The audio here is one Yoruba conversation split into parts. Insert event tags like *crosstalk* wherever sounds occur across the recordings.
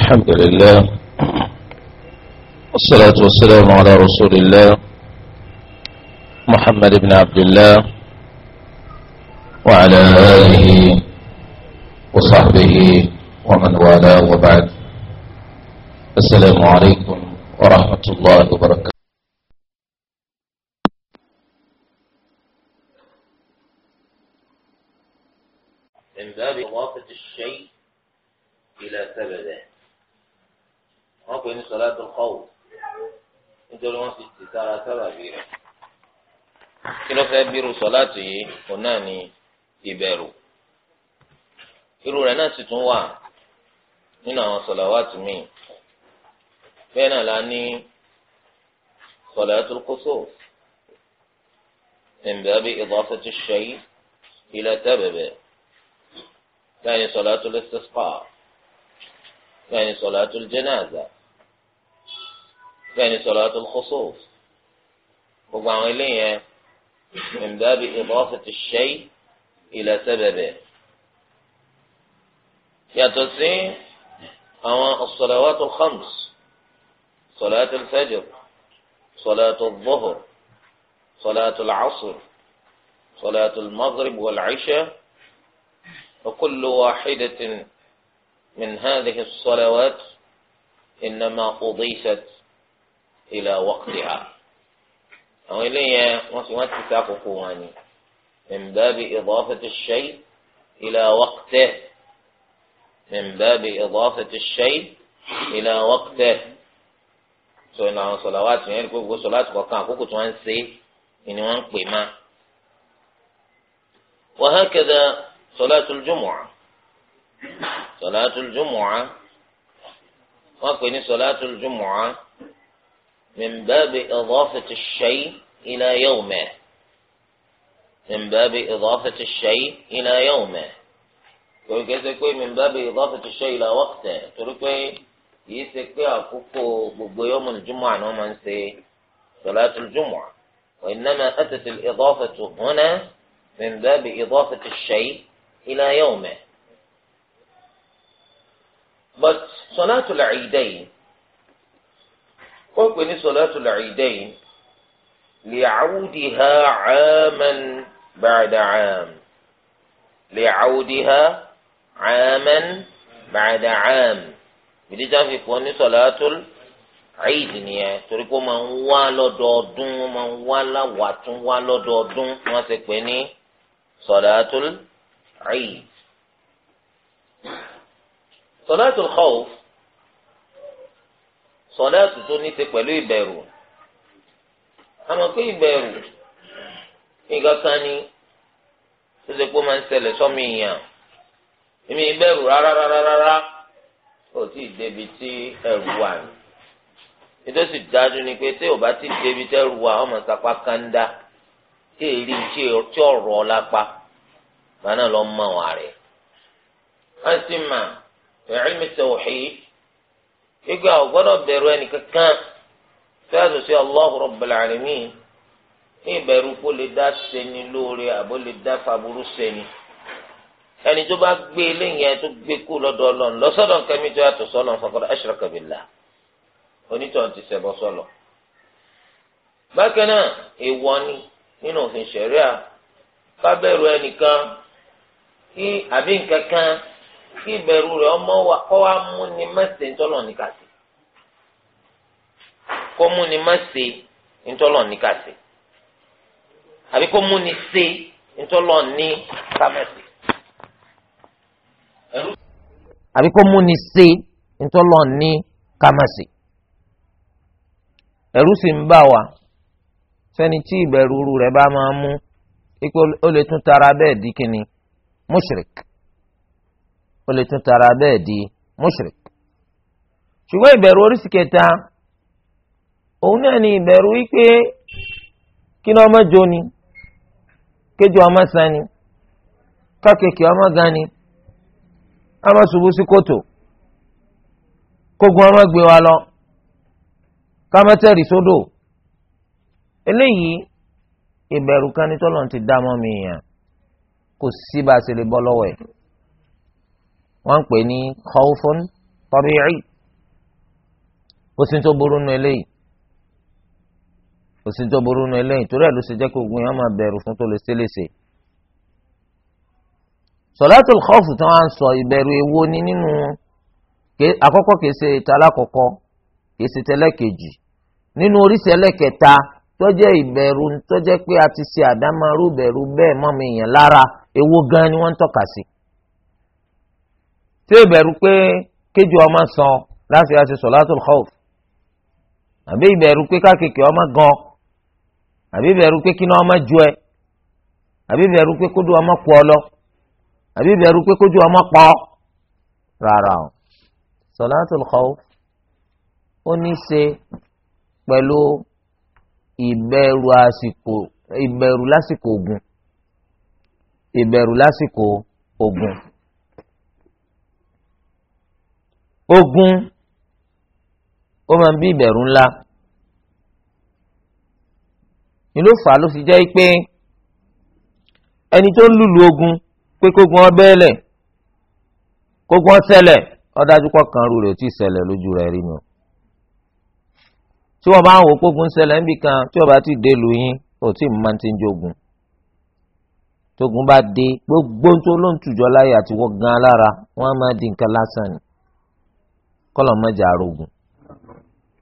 الحمد لله والصلاة والسلام على رسول الله محمد بن عبد الله وعلى آله وصحبه ومن والاه وبعد السلام عليكم ورحمة الله وبركاته من باب إضافة الشيء إلى سببه pè ní salatul khawf nítorí wọ́n fi tì sára sábàbí rẹ̀ kí ló fẹ́ bírú sọ̀láàtù yìí òun náà ni ìbẹ̀rù irú rẹ̀ náà sì tún wà nínú àwọn sọ̀làwátù míì bẹ́ẹ̀ náà la ní sọ̀làtul kusuf min babi idafati ash-shay ila sababi bẹ́ẹ̀ ni sọ̀làtul istisqa bẹ́ẹ̀ ni sọ̀làtul janaza. يعني صلاة الخصوص وبعليه من باب إضافة الشيء إلى سببه يا يتسي أو الصلوات الخمس صلاة الفجر صلاة الظهر صلاة العصر صلاة المغرب والعشاء وكل واحدة من هذه الصلوات إنما أضيفت ila waqtiha àwọn eléyẹn wọ́n sì wọ́n ti sá àkókò wọn ni min babi idafati shay ila waqtihi min babi idafati shay ila waqtihi sọ ní àwọn sọ̀làwátì yẹn gbogbo sọ̀làwátì kọ̀ọ̀kan àkókò tí wọ́n ń ṣe ni wọ́n ń pè má. wa hakadha salatul jumu'ah salatul jumu'ah wọ́n pè ní salatul jumu'ah. من باب إضافة الشيء إلى يومه من باب إضافة الشيء إلى يومه torí kẹsẹ pé mìbábi ìdọ́fẹ̀tì ṣe ìlà wọ́pẹ̀ torí pé yìí ṣe pé àkókò gbogbo yọmọ ìjùmọ̀ àná máa ń ṣe sọláàtì ìjùmọ̀ wọ́n iná ẹ̀tẹ̀tẹ̀ ìdọ́fẹ̀tì hùnẹ́ mìbábi ìdọ́fẹ̀tì ṣe ìlà yọ̀ọ̀mẹ̀. but sọláàtì làcídẹ́ yìí wọ́n pè ní sọ̀látùl ìdẹ́yìn li'awdiha 'aman ba'da 'am li'awdiha 'aman ba'da 'am ìdíjà fi pọ̀ ní sọ̀látùl eid nìyẹn torí pé ó máa ń wá lọ́dọọdún ó máa ń wá láwàtún wá lọ́dọọdún wọ́n ti pè ní sọ̀látùl eid sọ̀látùl khawf. sọláàtù tó ní ṣe pẹ̀lú ìbẹ̀rù àmọ́ pé ìbẹ̀rù nǹkan kan ni tó ṣe pé ó máa ń ṣẹlẹ̀ sọ́mi ìyàn èmi ìbẹ̀rù rárá rárá rárá ó tí débi tí ni pé tí ò bá ti débi tí wà ọmọ sapá kanda tí èrí tí ọ̀rọ̀ ọlápá gbaná lọ mọ àwọn àrẹ. wọ́n ti ẹ̀rí mi gbígbé àwọn gbọ́dọ̀ bẹ̀rù ẹnìkankan tó yàtọ̀ sí Allahu Rabbul Alamin ní ìbẹ̀rù kó lè dá sẹni lóore àbó lè dá faburú sẹni ẹni tó bá gbé eléyìí ẹ tó gbé kú lọ́dọ̀ Ọlọ́run lọsọdọ nǹkan tó yàtọ̀ sọlọ faqad ashraka billah onítọ̀hún ti ṣẹbọ sọlọ. bákan náà ni nínú òfin ṣẹ̀ríà ká bẹ̀rù ẹnìkan kí àbí nǹkan kí ìbẹ̀rù rẹ̀ ọmọ wa kọ́ wa mú ni mẹ́sẹ̀ ńtọ́lọ̀ níkà sí kó mú ni mẹ́sẹ̀ ńtọ́lọ̀ níkà sí àbí kó mú ni ṣe ńtọ́lọ̀ ní kámẹ́sì. àbí kó mú ni ṣe ńtọ́lọ̀ ní kámẹ́sì. ẹ̀rù sì ń bà wá sẹ́ni tí ìbẹ̀rù rẹ̀ bá máa mú ipò ó lè tún tara bẹ́ẹ̀ di kíni mushrik ó lè tún tara bẹ́ẹ̀ di mushrik ṣùgbọ́n ìbẹ̀rù oríṣi kẹta òun náà ni ìbẹ̀rù wípé kí ni ọmọ jo ni kéjọ ọmọ san ni kákèké ọmọ gan ni ọmọ ṣubú sí kòtò kógun ọmọ gbé wa lọ kámẹ́tẹ̀rì sódò eléyìí ìbẹ̀rù kan ní tọ́lọ́n ti dá mọ́ mi yàn kò sí bá a ṣe lè bọ́ lọ́wọ́ ẹ̀ wọ́n ń pè ní khawfun tabi'i kò sí tó burú nu eléyìí kò sí tó burú nu eléyìí torí ẹ̀ ló ṣe jẹ́ kó ogun yẹn máa bẹ̀rù fún tó lè ṣe léṣe. salatul khawf tí wọ́n á sọ ìbẹ̀rù èwo ni nínú àkọ́kọ́ kìí ṣe talákọ̀ọ́kọ́ kìí ṣe tẹlẹ́kejì nínú oríṣi ẹlẹ́kẹta tọ́jẹ́ ìbẹ̀rù tọ́jẹ́ pé a ti ṣe àdámarú bẹ̀rù bẹ́ẹ̀ mọ́ mi lára èwo gan ni wọ́n ń tọ́ka sí i ṣé ìbẹ̀rù pé kéjù ọmọ san láti ṣe solatul khawf àbí ìbẹ̀rù pé kákèké ọmọ gan àbí ìbẹ̀rù pé kíná ọmọ ju ẹ àbí ìbẹ̀rù pé kójú ọmọ kú ọ lọ àbí ìbẹ̀rù pé kójú ọmọ pọ̀ rárá o solatul khawf ó ní ṣe pẹ̀lú ìbẹ̀rù àsìkò ìbẹ̀rù lásìkò ogun ìbẹ̀rù lásìkò ogun. ogun ó máa ń bí ìbẹ̀rù ńlá ìlú fà ló fi jẹ́ pé ẹni tó ń lùlù ogun pé kógun ọbẹ̀ lẹ̀ kógun ọ̀sẹ̀lẹ̀ ọ̀dájú kọ̀ọ̀kan rú rẹ̀ ó ti ṣẹlẹ̀ lójú rẹ̀ rí ni o tí wọ́n bá ń wò kógun ṣẹlẹ̀ níbi kan tí wọ́n bá ti dé lu yín ò tí ì máa ti ń jogun tógun bá dé gbogbo tó ló ń tùjọ láyé àti wọ́n gan alára wọ́n á máa di nǹkan lásán ni kọ́lọ̀ mọ́jà arógun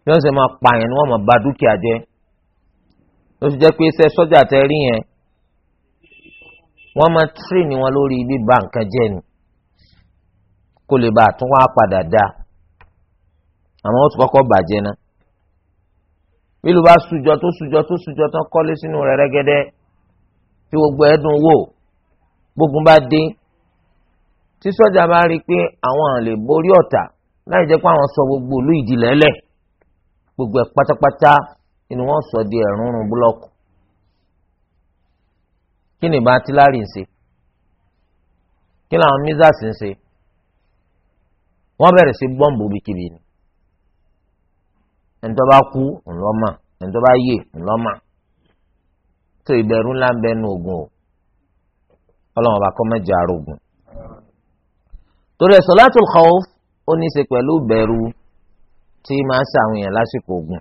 bí wọ́n máa pa yẹn ni wọ́n máa ba dúkìá jẹ́ ló ti jẹ́ pé iṣẹ́ sọ́jà tẹ rí yẹn wọ́n máa tírìnì wọn lórí bíba nǹkan jẹ́ ni kó lè bá àtúnwá padà dáa àmọ́ wọ́n ti kọ́kọ́ bàjẹ́ náà bílù bá sùjọ tó sùjọ tó sùjọ tán kọ́lé sínú rẹ̀ rẹ́gẹ́dẹ́ tí gbogbo ẹ̀dùn wò gbógun bá dé tí sọ́jà bá rí i pé àwọn lè borí ọ̀tá láì jẹ́ pé àwọn sọ gbogbo olú ìdílé lẹ̀ gbogbo ẹ̀ pátápátá ni wọ́n sọ di ẹ̀rúnrún búlọ́ọ̀kù kí ni ìbá tíláàrí ń ṣe kí làwọn mísàsì ń ṣe wọ́n bẹ̀rẹ̀ sí bọ́ǹbù bíkìbì ni ẹni tó bá kú ńlọ́mà ẹni tó bá yè ńlọ́mà tó ìbẹ̀rù ńlá ń bẹnu ogun o ọlọ́run ọba kọ́ mẹ́jọ àrògùn torí ẹ̀ sọ́látùl khawf ó ní í ṣe pẹ̀lú bẹ̀rù tí máa ń ṣàwọn èèyàn lásìkò ogun.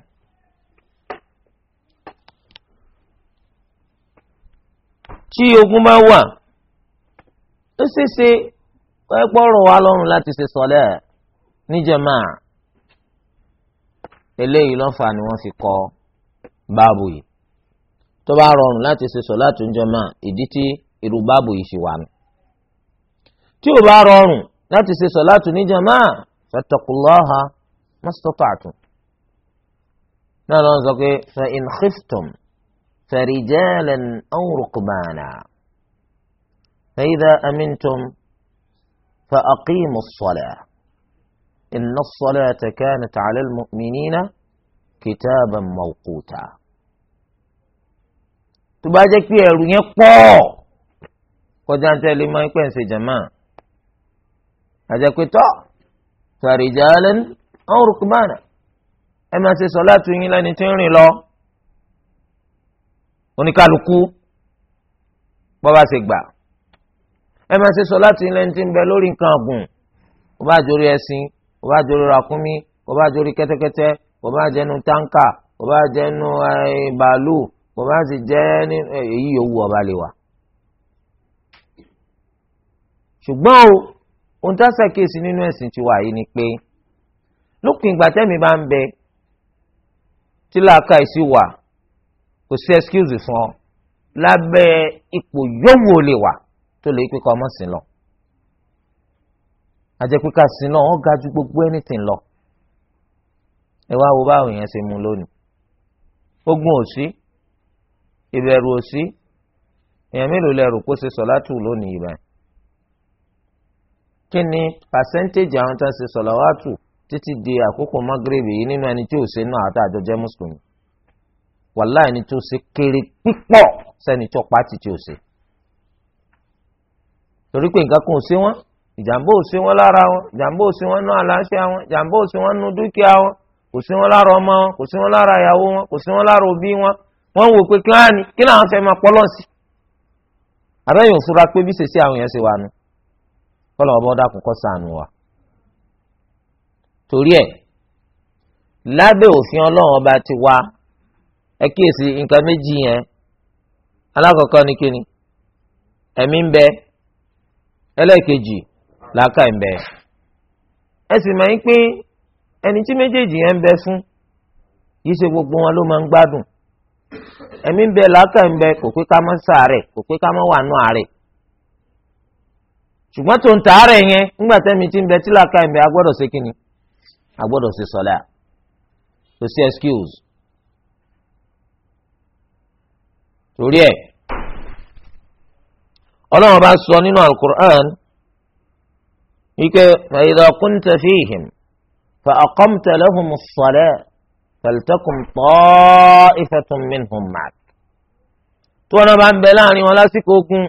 tí ogun bá wà ó ṣeéṣe pẹ́pọ́rọ̀ wa lọ́rùn láti ṣe sọ́lẹ̀ níjàmá eléyìí lọ́fà ni wọ́n fi kọ́ báàbù yìí tó bá rọrùn láti ṣe sọ́lẹ̀ àtúnjàmá ìdí tí irú báàbù yìí ṣe wà nù tí ò bá rọrùn láti ṣe sọ̀láàtù ní jamaa fattaqullaha mastata'tum. náà lọ́n sọ pé fa in khiftum farijalan aw rukbana fa idha amintum fa aqimu as-salah inna as-salata kanat 'ala al-mu'minina kitaban mawquta. tó bá jẹ́ pé ẹ̀rù yẹn pọ̀ kọjá ń tẹ́lẹ̀ mọ́ ẹ pẹ́ ń ṣe jamaa. àjẹ́ pé tọ́ farijalan aw rukbana ẹ máa ṣe sọ̀láàtù yín lẹ́ni tí ń rìn lọ oníkálukú bọ́ba ṣe gbà ẹ máa ṣe sọ̀láàtù yín lẹ́ni tí ń bẹ lórí nǹkan ọ̀gùn kò bá jórí ẹṣin kò bá jórí ràkúnmí kò bá jórí kẹ́tẹ́kẹ́tẹ́ kò bá jẹnu táǹkà kò bá jẹnu bàálù kò bá sì jẹ́ èyí yòówù ọba lè wà. ṣùgbọ́n o ohun tá a ṣàkíyèsí nínú ẹ̀sìn tiwa yìí ni pé lópin ìgbà tẹ́mi bá ń bẹ tí làákà ìsì wà kò sí excuse fún ọ lábẹ́ ipò yòówù ó lè wà tó lè pé kọ́ ọmọ sí lọ àjẹpẹ́ká sí náà wọ́n ga ju gbogbo anything lọ ẹ wá wo báwo yẹn ṣe mú lónìí ogun ò sí ìbẹ̀rù ò sí èèyàn mélòó lẹ rò kó ṣe sọ látù lónìí ìbáyìí kí ni pàṣẹ́ntéèjì àwọn tó ń ṣe sọ̀làwátù títí di àkókò mọ́gírèbì yìí nínú ẹni tí ò ṣe náà àti àjọjẹ́ mùsùlùmí wàláì ni tó ṣe kéré pípọ̀ sẹ́ni tó pàtì tí ò ṣe. torí pé nǹkan kan ò ṣe wọ́n ìjàmbá ò ṣe wọ́n lára wọn ìjàmbá ò ṣe wọ́n nú àlàáfíà wọn ìjàmbá ò ṣe wọ́n nú dúkìá wọn kò sí wọn lára ọmọ wọn kò sí wọn lára ìyàwó wọn kò sí wọn lára òbí wọn wọn wò pé kí kí làwọn fẹẹ máa pọlọ sí. àbẹ́yìn òfurufú pé bí ṣèṣe àwọn yẹn ṣe wà nù kọ́lọ̀ ọba ọ̀dà kúkọ́ sànù wa. torí ẹ̀ lábẹ́ òfin ọlọ́run ọba ti wá ẹ kíyèsí nǹkan méjì yẹn alákọ̀ọ́kọ́ ni kíni ẹ̀mí ń bẹ ẹlẹ́ẹ̀kejì làákà ń bẹ ẹ sì máa ń pín ẹni tí méjèèjì yẹn ń bẹ fún yìí ṣe gbogbo wọn ló máa ń gbádùn ẹ̀mí ń bẹ làákà ń bẹ kò pé ká má ṣàárẹ̀ kò pé ká má wà nù àárẹ̀ ṣùgbọ́n tó ń tààrẹ̀ yẹn ńgbà tẹ́mi ti ń bẹ tílà ká ẹ̀mí agbọ́dọ̀ ṣe kíni agbọ́dọ̀ ṣe sọ́lá kò sí excuse. torí ẹ̀ ọlọ́run bá sọ nínú alukur'an wípé fàyidà kúntà fíhìm fà àkọ́mtà lẹ́hùn sọ́lá fàlítẹ́kùn tọ́ ìfẹ́tùn mìíràn màk. tí wọn bá ń bẹ láàrin wọn lásìkò ogun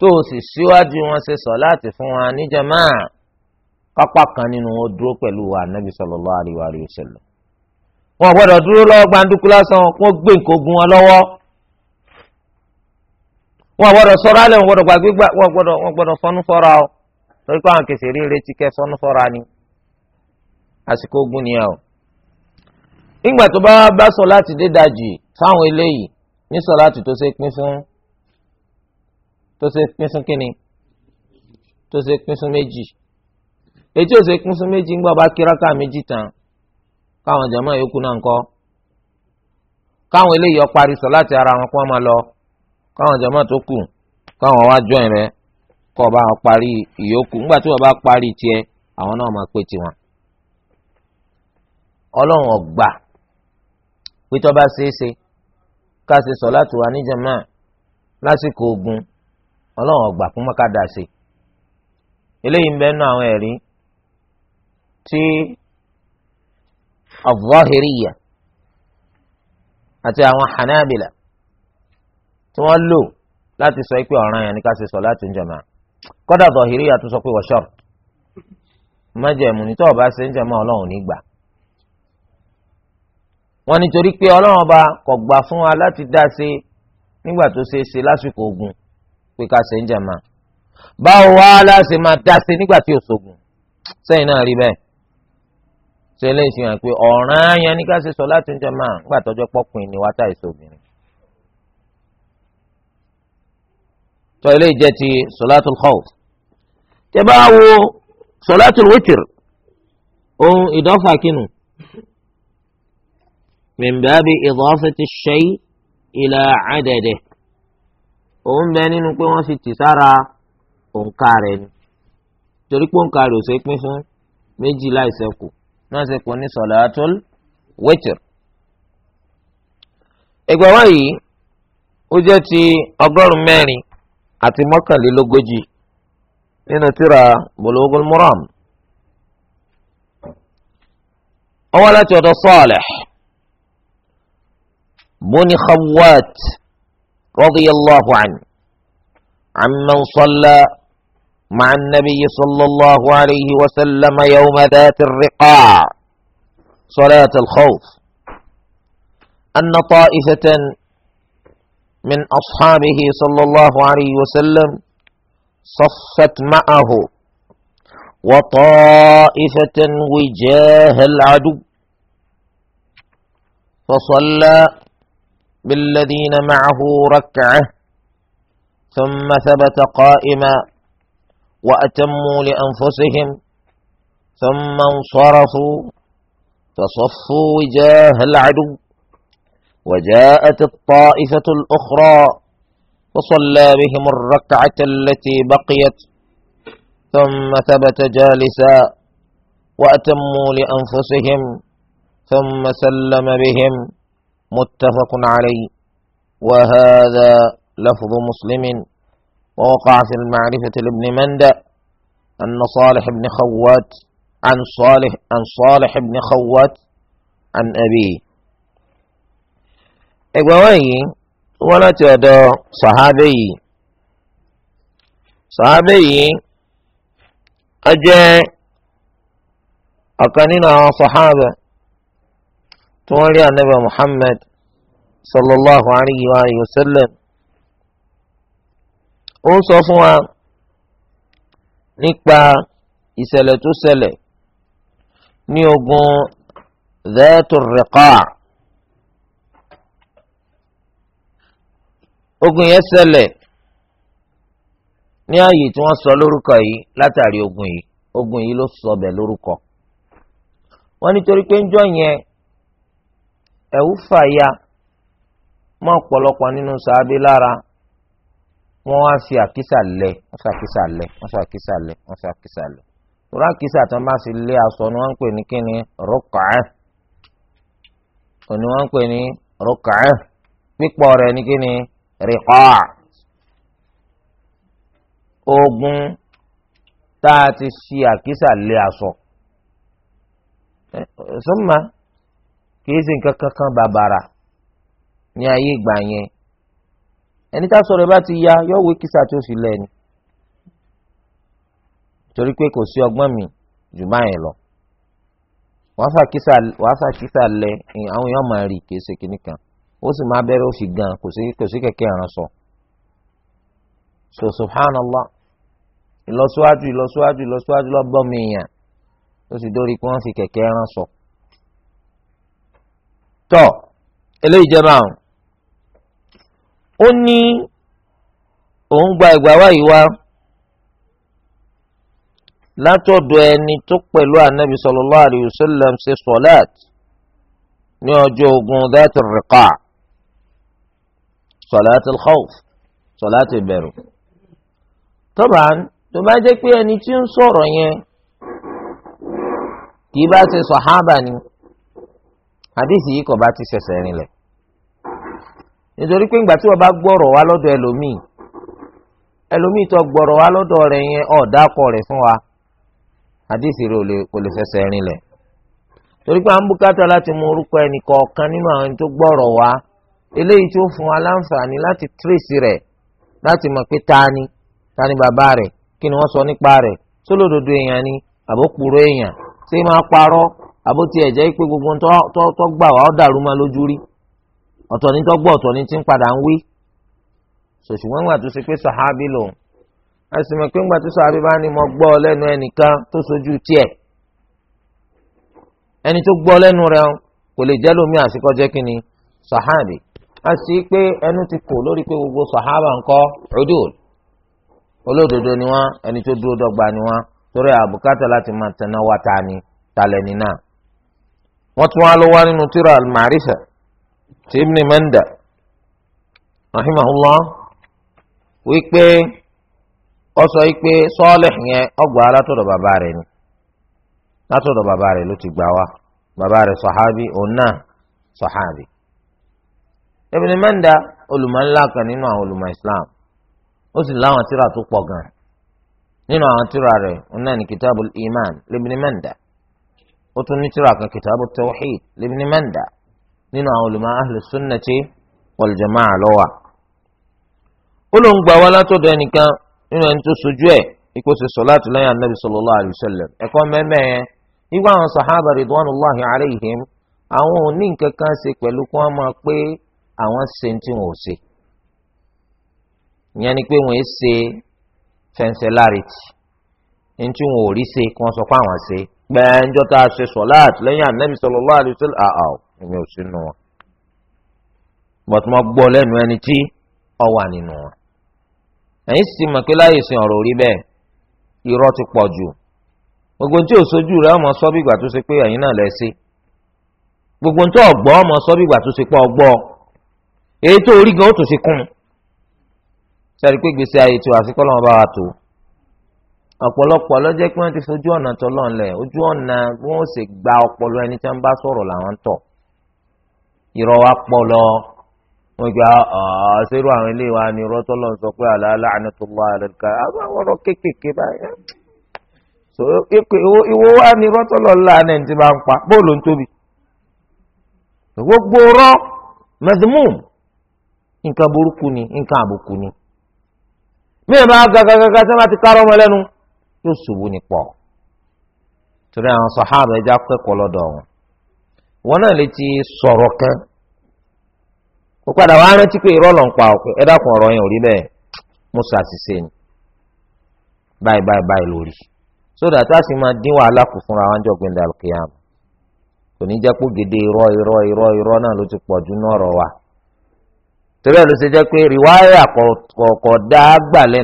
tó o sì síwájú wọn ṣe sọ̀láàtì fún wa ní jamaa pápá kan nínú wọn dúró pẹ̀lú anabi sallallahu alaihi wa sallam. wọn gbọ́dọ̀ dúró lọ́wọ́ gbàǹdùkú lásán kó gbé nǹkan ogun wọn lọ́wọ́. wọn gbọ́dọ̀ sọ̀rọ̀ alẹ́ wọn gbọ́dọ̀ gbàgbé gbà wọn gbọ́dọ̀ wọn gbọ́dọ̀ fọnú fọ́ra o torí pé àwọn kèsì rí retí kẹ fọnú fọ́ra ni àsìkò ogun nìyà o. nígbà tó bá bá sọ̀láàtì dé dajì fáwọn eléyìí ní sọ̀láàtì tó ṣe pín fún tó ṣe pín sún kínní tó ṣe pín sún méjì ètò ìṣe pín sún méjì ń gbọ́ bá kíráká méjì tán káwọn jàmáà yòókù náà ń kọ́ káwọn eléyìí ọparí sọ láti ara wọn kó wọn máa lọ káwọn jàmáà tó kù káwọn wá jọ ìrẹ kọ́ bá wọn parí ìyókù ńgbà tí wọ́n bá parí tiẹ̀ àwọn náà máa pé tiwọn. ọlọ́run ọ̀gbà pé tó bá ṣeé ṣe ká ṣe sọ láti wà ní jàmáà lásìkò ogun ọlọ́run ọgbà fún mọ́kàdá sí eléyìí ń bẹ́ẹ̀ nú àwọn ẹ̀rí tí al-Zahiriyya àti àwọn Hanabila tí wọ́n lò láti sọ pé ọ̀ràn yẹn ni ká ṣe ṣọ̀láàtì jàmáà kọ́dà Zahiriyya tó sọ pé wọ́n ṣọ́ọ̀t májẹ̀mú ni tó o bá ṣe ń jàmáà ọlọ́run ní gbà wọ́n nítorí pé ọlọ́run ọba kò gbà fún wa láti dá sí nígbà tó ṣe é ṣe lásìkò ogun pé ká ṣe ń jàmá báwo wá láti máa dá sí nígbà tí ò sógun sẹ́yìn náà rí bẹ́ẹ̀ ṣe eléyìí fi hàn pé ọ̀ràn ayan ní ká ṣe sọ láti ń jàmá nígbà tọ́jọ́ pọ́kùn ni wá táì sóbìnrin. tọ́ ilé ìjẹ́ ti sọlátul khawf tẹ bá wo sọlátul witr ohun ìdọ́fà kínú min babi idafati shay ila adadihi òun bẹ nínú pé wọ́n fi tì sára òǹkà rẹ̀ ni torí pé òǹkà rẹ̀ ò ṣe pín fún méjì láìsẹ̀kù náà ṣe kò ní sọ̀làtúl wẹ́tìr. ìgbà wáyé ó jẹ́ ti ọgọ́rùn-ún mẹ́rin àti mọ́kànlélógójì nínú tíra bulugul maram. ọwọ́ láti ọ̀dọ̀ Salih bóni khawat. رضي الله عنه عمن صلى مع النبي صلى الله عليه وسلم يوم ذات الرقاع صلاة الخوف أن طائفة من أصحابه صلى الله عليه وسلم صفت معه وطائفة وجاه العدو فصلى بالذين معه ركعه ثم ثبت قائما واتموا لانفسهم ثم انصرفوا فصفوا وجاه العدو وجاءت الطائفه الاخرى فصلى بهم الركعه التي بقيت ثم ثبت جالسا واتموا لانفسهم ثم سلم بهم متفق عليه وهذا لفظ مسلم ووقع في المعرفة لابن مندى أن صالح بن خوات عن صالح عن صالح بن خوات عن أبيه إبوي ولا تدا صحابي صحابي أجا أكننا صحابة tí wọ́n rí anabi muhammed sallallahu alayhi wa alayhi wa sallam ó sọ fún wa nípa ìṣẹ̀lẹ̀ tó ṣẹlẹ̀ ní ogun Dhatur ogun yẹn ṣẹlẹ̀ ní ààyè tí wọ́n sọ lórúkọ yìí látàrí ogun yìí ogun yìí ló sọ bẹ̀ lórúkọ wọ́n nítorí pé ń jọ yẹn ẹ̀wù fàyà mọ́ ọ̀pọ̀lọpọ̀ nínú sàábé lára wọ́n wá fi àkísà lẹ̀ wọ́n ṣàkísà lẹ̀ wọ́n ṣàkísà lẹ̀ wọ́n ṣàkísà lẹ̀ torí àkísà tí bá fi lé aṣọ ni wọ́n ń pè ní kíni òní wọ́n ń pè ní pípọ̀ rẹ̀ ní kíni ogun tá a ti fi àkísà lé kìí ṣe nǹkan kankan bàbàrà ní ayé ìgbà yẹn ẹni tá sọ̀rọ̀ bá ti ya yọ wé kísà tó fi lẹ́nu torí pé kò sí ọgbọ́n mi jù báyẹn lọ wàá fà kísà lẹ àwọn èèyàn máa rí kìí ṣe kinní kan ó sì máa bẹ̀rẹ̀ ó gan kò sí kẹ̀kẹ́ ìrànṣọ so subhanallah ìlọsíwájú ìlọsíwájú ìlọsíwájú lọ́gbọ́n mi yàn ó sì dórí pé wọ́n fi kẹ̀kẹ́ ìrànṣọ. So, tọ́ eléyìí jẹba àwọn ó ní òun gba ìgbà wáyé wá látọ̀dọ̀ ẹni tó pẹ̀lú anabi sallallahu alayhi wa sallam ṣe sọ̀láàt ní ọjọ́ ogun dátì rìkà sọ̀láàt al-khawf sọ̀láàt tọ́ba tó bá jẹ́ pé ẹni tí ń sọ̀rọ̀ yẹn kì í bá ṣe sọ̀hábà ni. àdìsí yìí kò bá ti ṣẹ̀ṣẹ̀ rinlẹ̀ nítorí pé ńgbà tí wọ́n bá gbọ́rọ̀ wá lọ́dọ̀ ẹlòmíì ẹlòmíì tó gbọ́rọ̀ wá lọ́dọ̀ rẹ̀ yẹn rẹ̀ fún wa àdìsí rẹ̀ kò lè ṣẹ̀ṣẹ̀ rinlẹ̀ torí pé à ń bùkátà láti mú orúkọ ẹni tó gbọ́rọ̀ wa láǹfààní láti tírèsì rẹ̀ láti mọ̀ pé ni bàbá rẹ̀ kí ni wọ́n sọ nípa rẹ̀ èèyàn ni èèyàn ṣé máa parọ́ àbótí ẹ̀jẹ̀ pé gbogbo tó gbà wá ó dàrú ma lójú rí ọ̀tọ̀ ní tó gbọ́ ọ̀tọ̀ ní tí ń padà ń wí ṣùgbọ́n ìgbà tó ṣe pé sàhábì lòun a sì mọ̀ pé ìgbà tó sàhábì bá ní mo gbọ́ lẹ́nu ẹnìkan tó sojú tiẹ̀ ẹni tó gbọ́ lẹ́nu rẹ̀ kò lè jẹ́ lómi àṣekọ́jẹ́ kí ni sàhábì a sì pé ẹnu ti kò lórí pé gbogbo sàhábà ńkọ́ udul olódodo ni wọn ẹni tó dúró dọ́gba ni wọn torí àbùkátà láti máa tẹná wá ta ni talẹ̀ ni náà. wọ́n tún wá ló wá nínú tíra al-ma'rifa ti manda rahimahullah wípé ó sọ wípé Salih yẹn ọgbà látọ̀dọ̀ bàbá rẹ̀ ni látọ̀dọ̀ bàbá rẹ̀ ló ti gbà wá bàbá rẹ̀ sọ̀hábì òun náà sọ̀hábì. ibn manda islam ó sì láwọn tíra tó pọ̀ gan nínú àwọn tíra rẹ̀ òun náà iman libni manda. ó tún ní tírà kan kitabu tawhid libni manda nínú àwọn olùmọ̀ sunnati wal jama'a ó ló ń gbà wá látọ̀dọ̀ ẹnìkan nínú ẹni tó sojú ẹ̀ ikú lẹ́yìn anabi sallallahu wa sallam ẹ̀kọ́ mẹ́mẹ́ yẹn nígbà àwọn sàhábà ridwanullahi alayhim àwọn ò nǹkan kan ṣe pẹ̀lú kí wọ́n máa pé àwọn ṣe tí wọn ò ṣe ìyẹn ni pé wọ́n ṣe tí ò gbẹ̀ẹ́njọ́ tá a ṣe sọ̀láàt lẹ́yìn ànábì sallallahu alaihi wasallam àà ọ̀ èmi ò sínú wọn. bọ́tú mo gbọ́ lẹ́nu ẹni tí ọ wà nínú wọn. ẹ̀yin sì mọ̀ pé láyé sin ọ̀rọ̀ rí bẹ́ẹ̀ irọ́ ti pọ̀ jù. gbogbo tí ò sojú rẹ̀ ọmọ sọ bí ìgbà tó ṣe pé ẹ̀yin náà lẹ́ sí. gbogbo tí ọ̀gbọ́ ọmọ sọ bí ìgbà tó ṣe pé ọgbọ́ èyí tó orí gan ó tún fi kún. sẹ́ni pé gbèsè ayé tó àfikọ́ lọ́wọ́ bá ọ̀pọ̀lọpọ̀ lọ́jọ́ pé wọ́n ti fojú ọ̀nà tọ́lọ́n lẹ̀ ojú ọ̀nà bí wọ́n ṣe gba ọpọlọ ẹni tí wọ́n bá sọ̀rọ̀ làwọn ń tọ̀ irọ́ wa pọ̀ lọ wọ́n gba ṣerú àwọn ilé wa ni irọ́ tọ́lọ́n sọ pé àlàálà ànátọ́lọ́ àlẹ́ká àwọn ọ̀rọ̀ kéékèèké báyìí ìwọ wa ni irọ́ tọ́lọ́n là ní ẹni tí bá ń pa bóòlù ń tóbi gbogbo rọ mẹsìmùm nǹkan burúkú yóò ṣubú ní pọ̀ torí àwọn sọ̀hábà ẹja wọn wọn náà lè ti kó padà pé irọ́ ń pa ẹ dákun ọ̀rọ̀ yẹn ò rí bẹ́ẹ̀ ni báyìí báyìí báyìí lórí sódà tá a sì máa dín wàhálà kù fúnra wọn jọ kò ní jẹ́ pé gèdè irọ́ irọ́ irọ́ irọ́ náà ló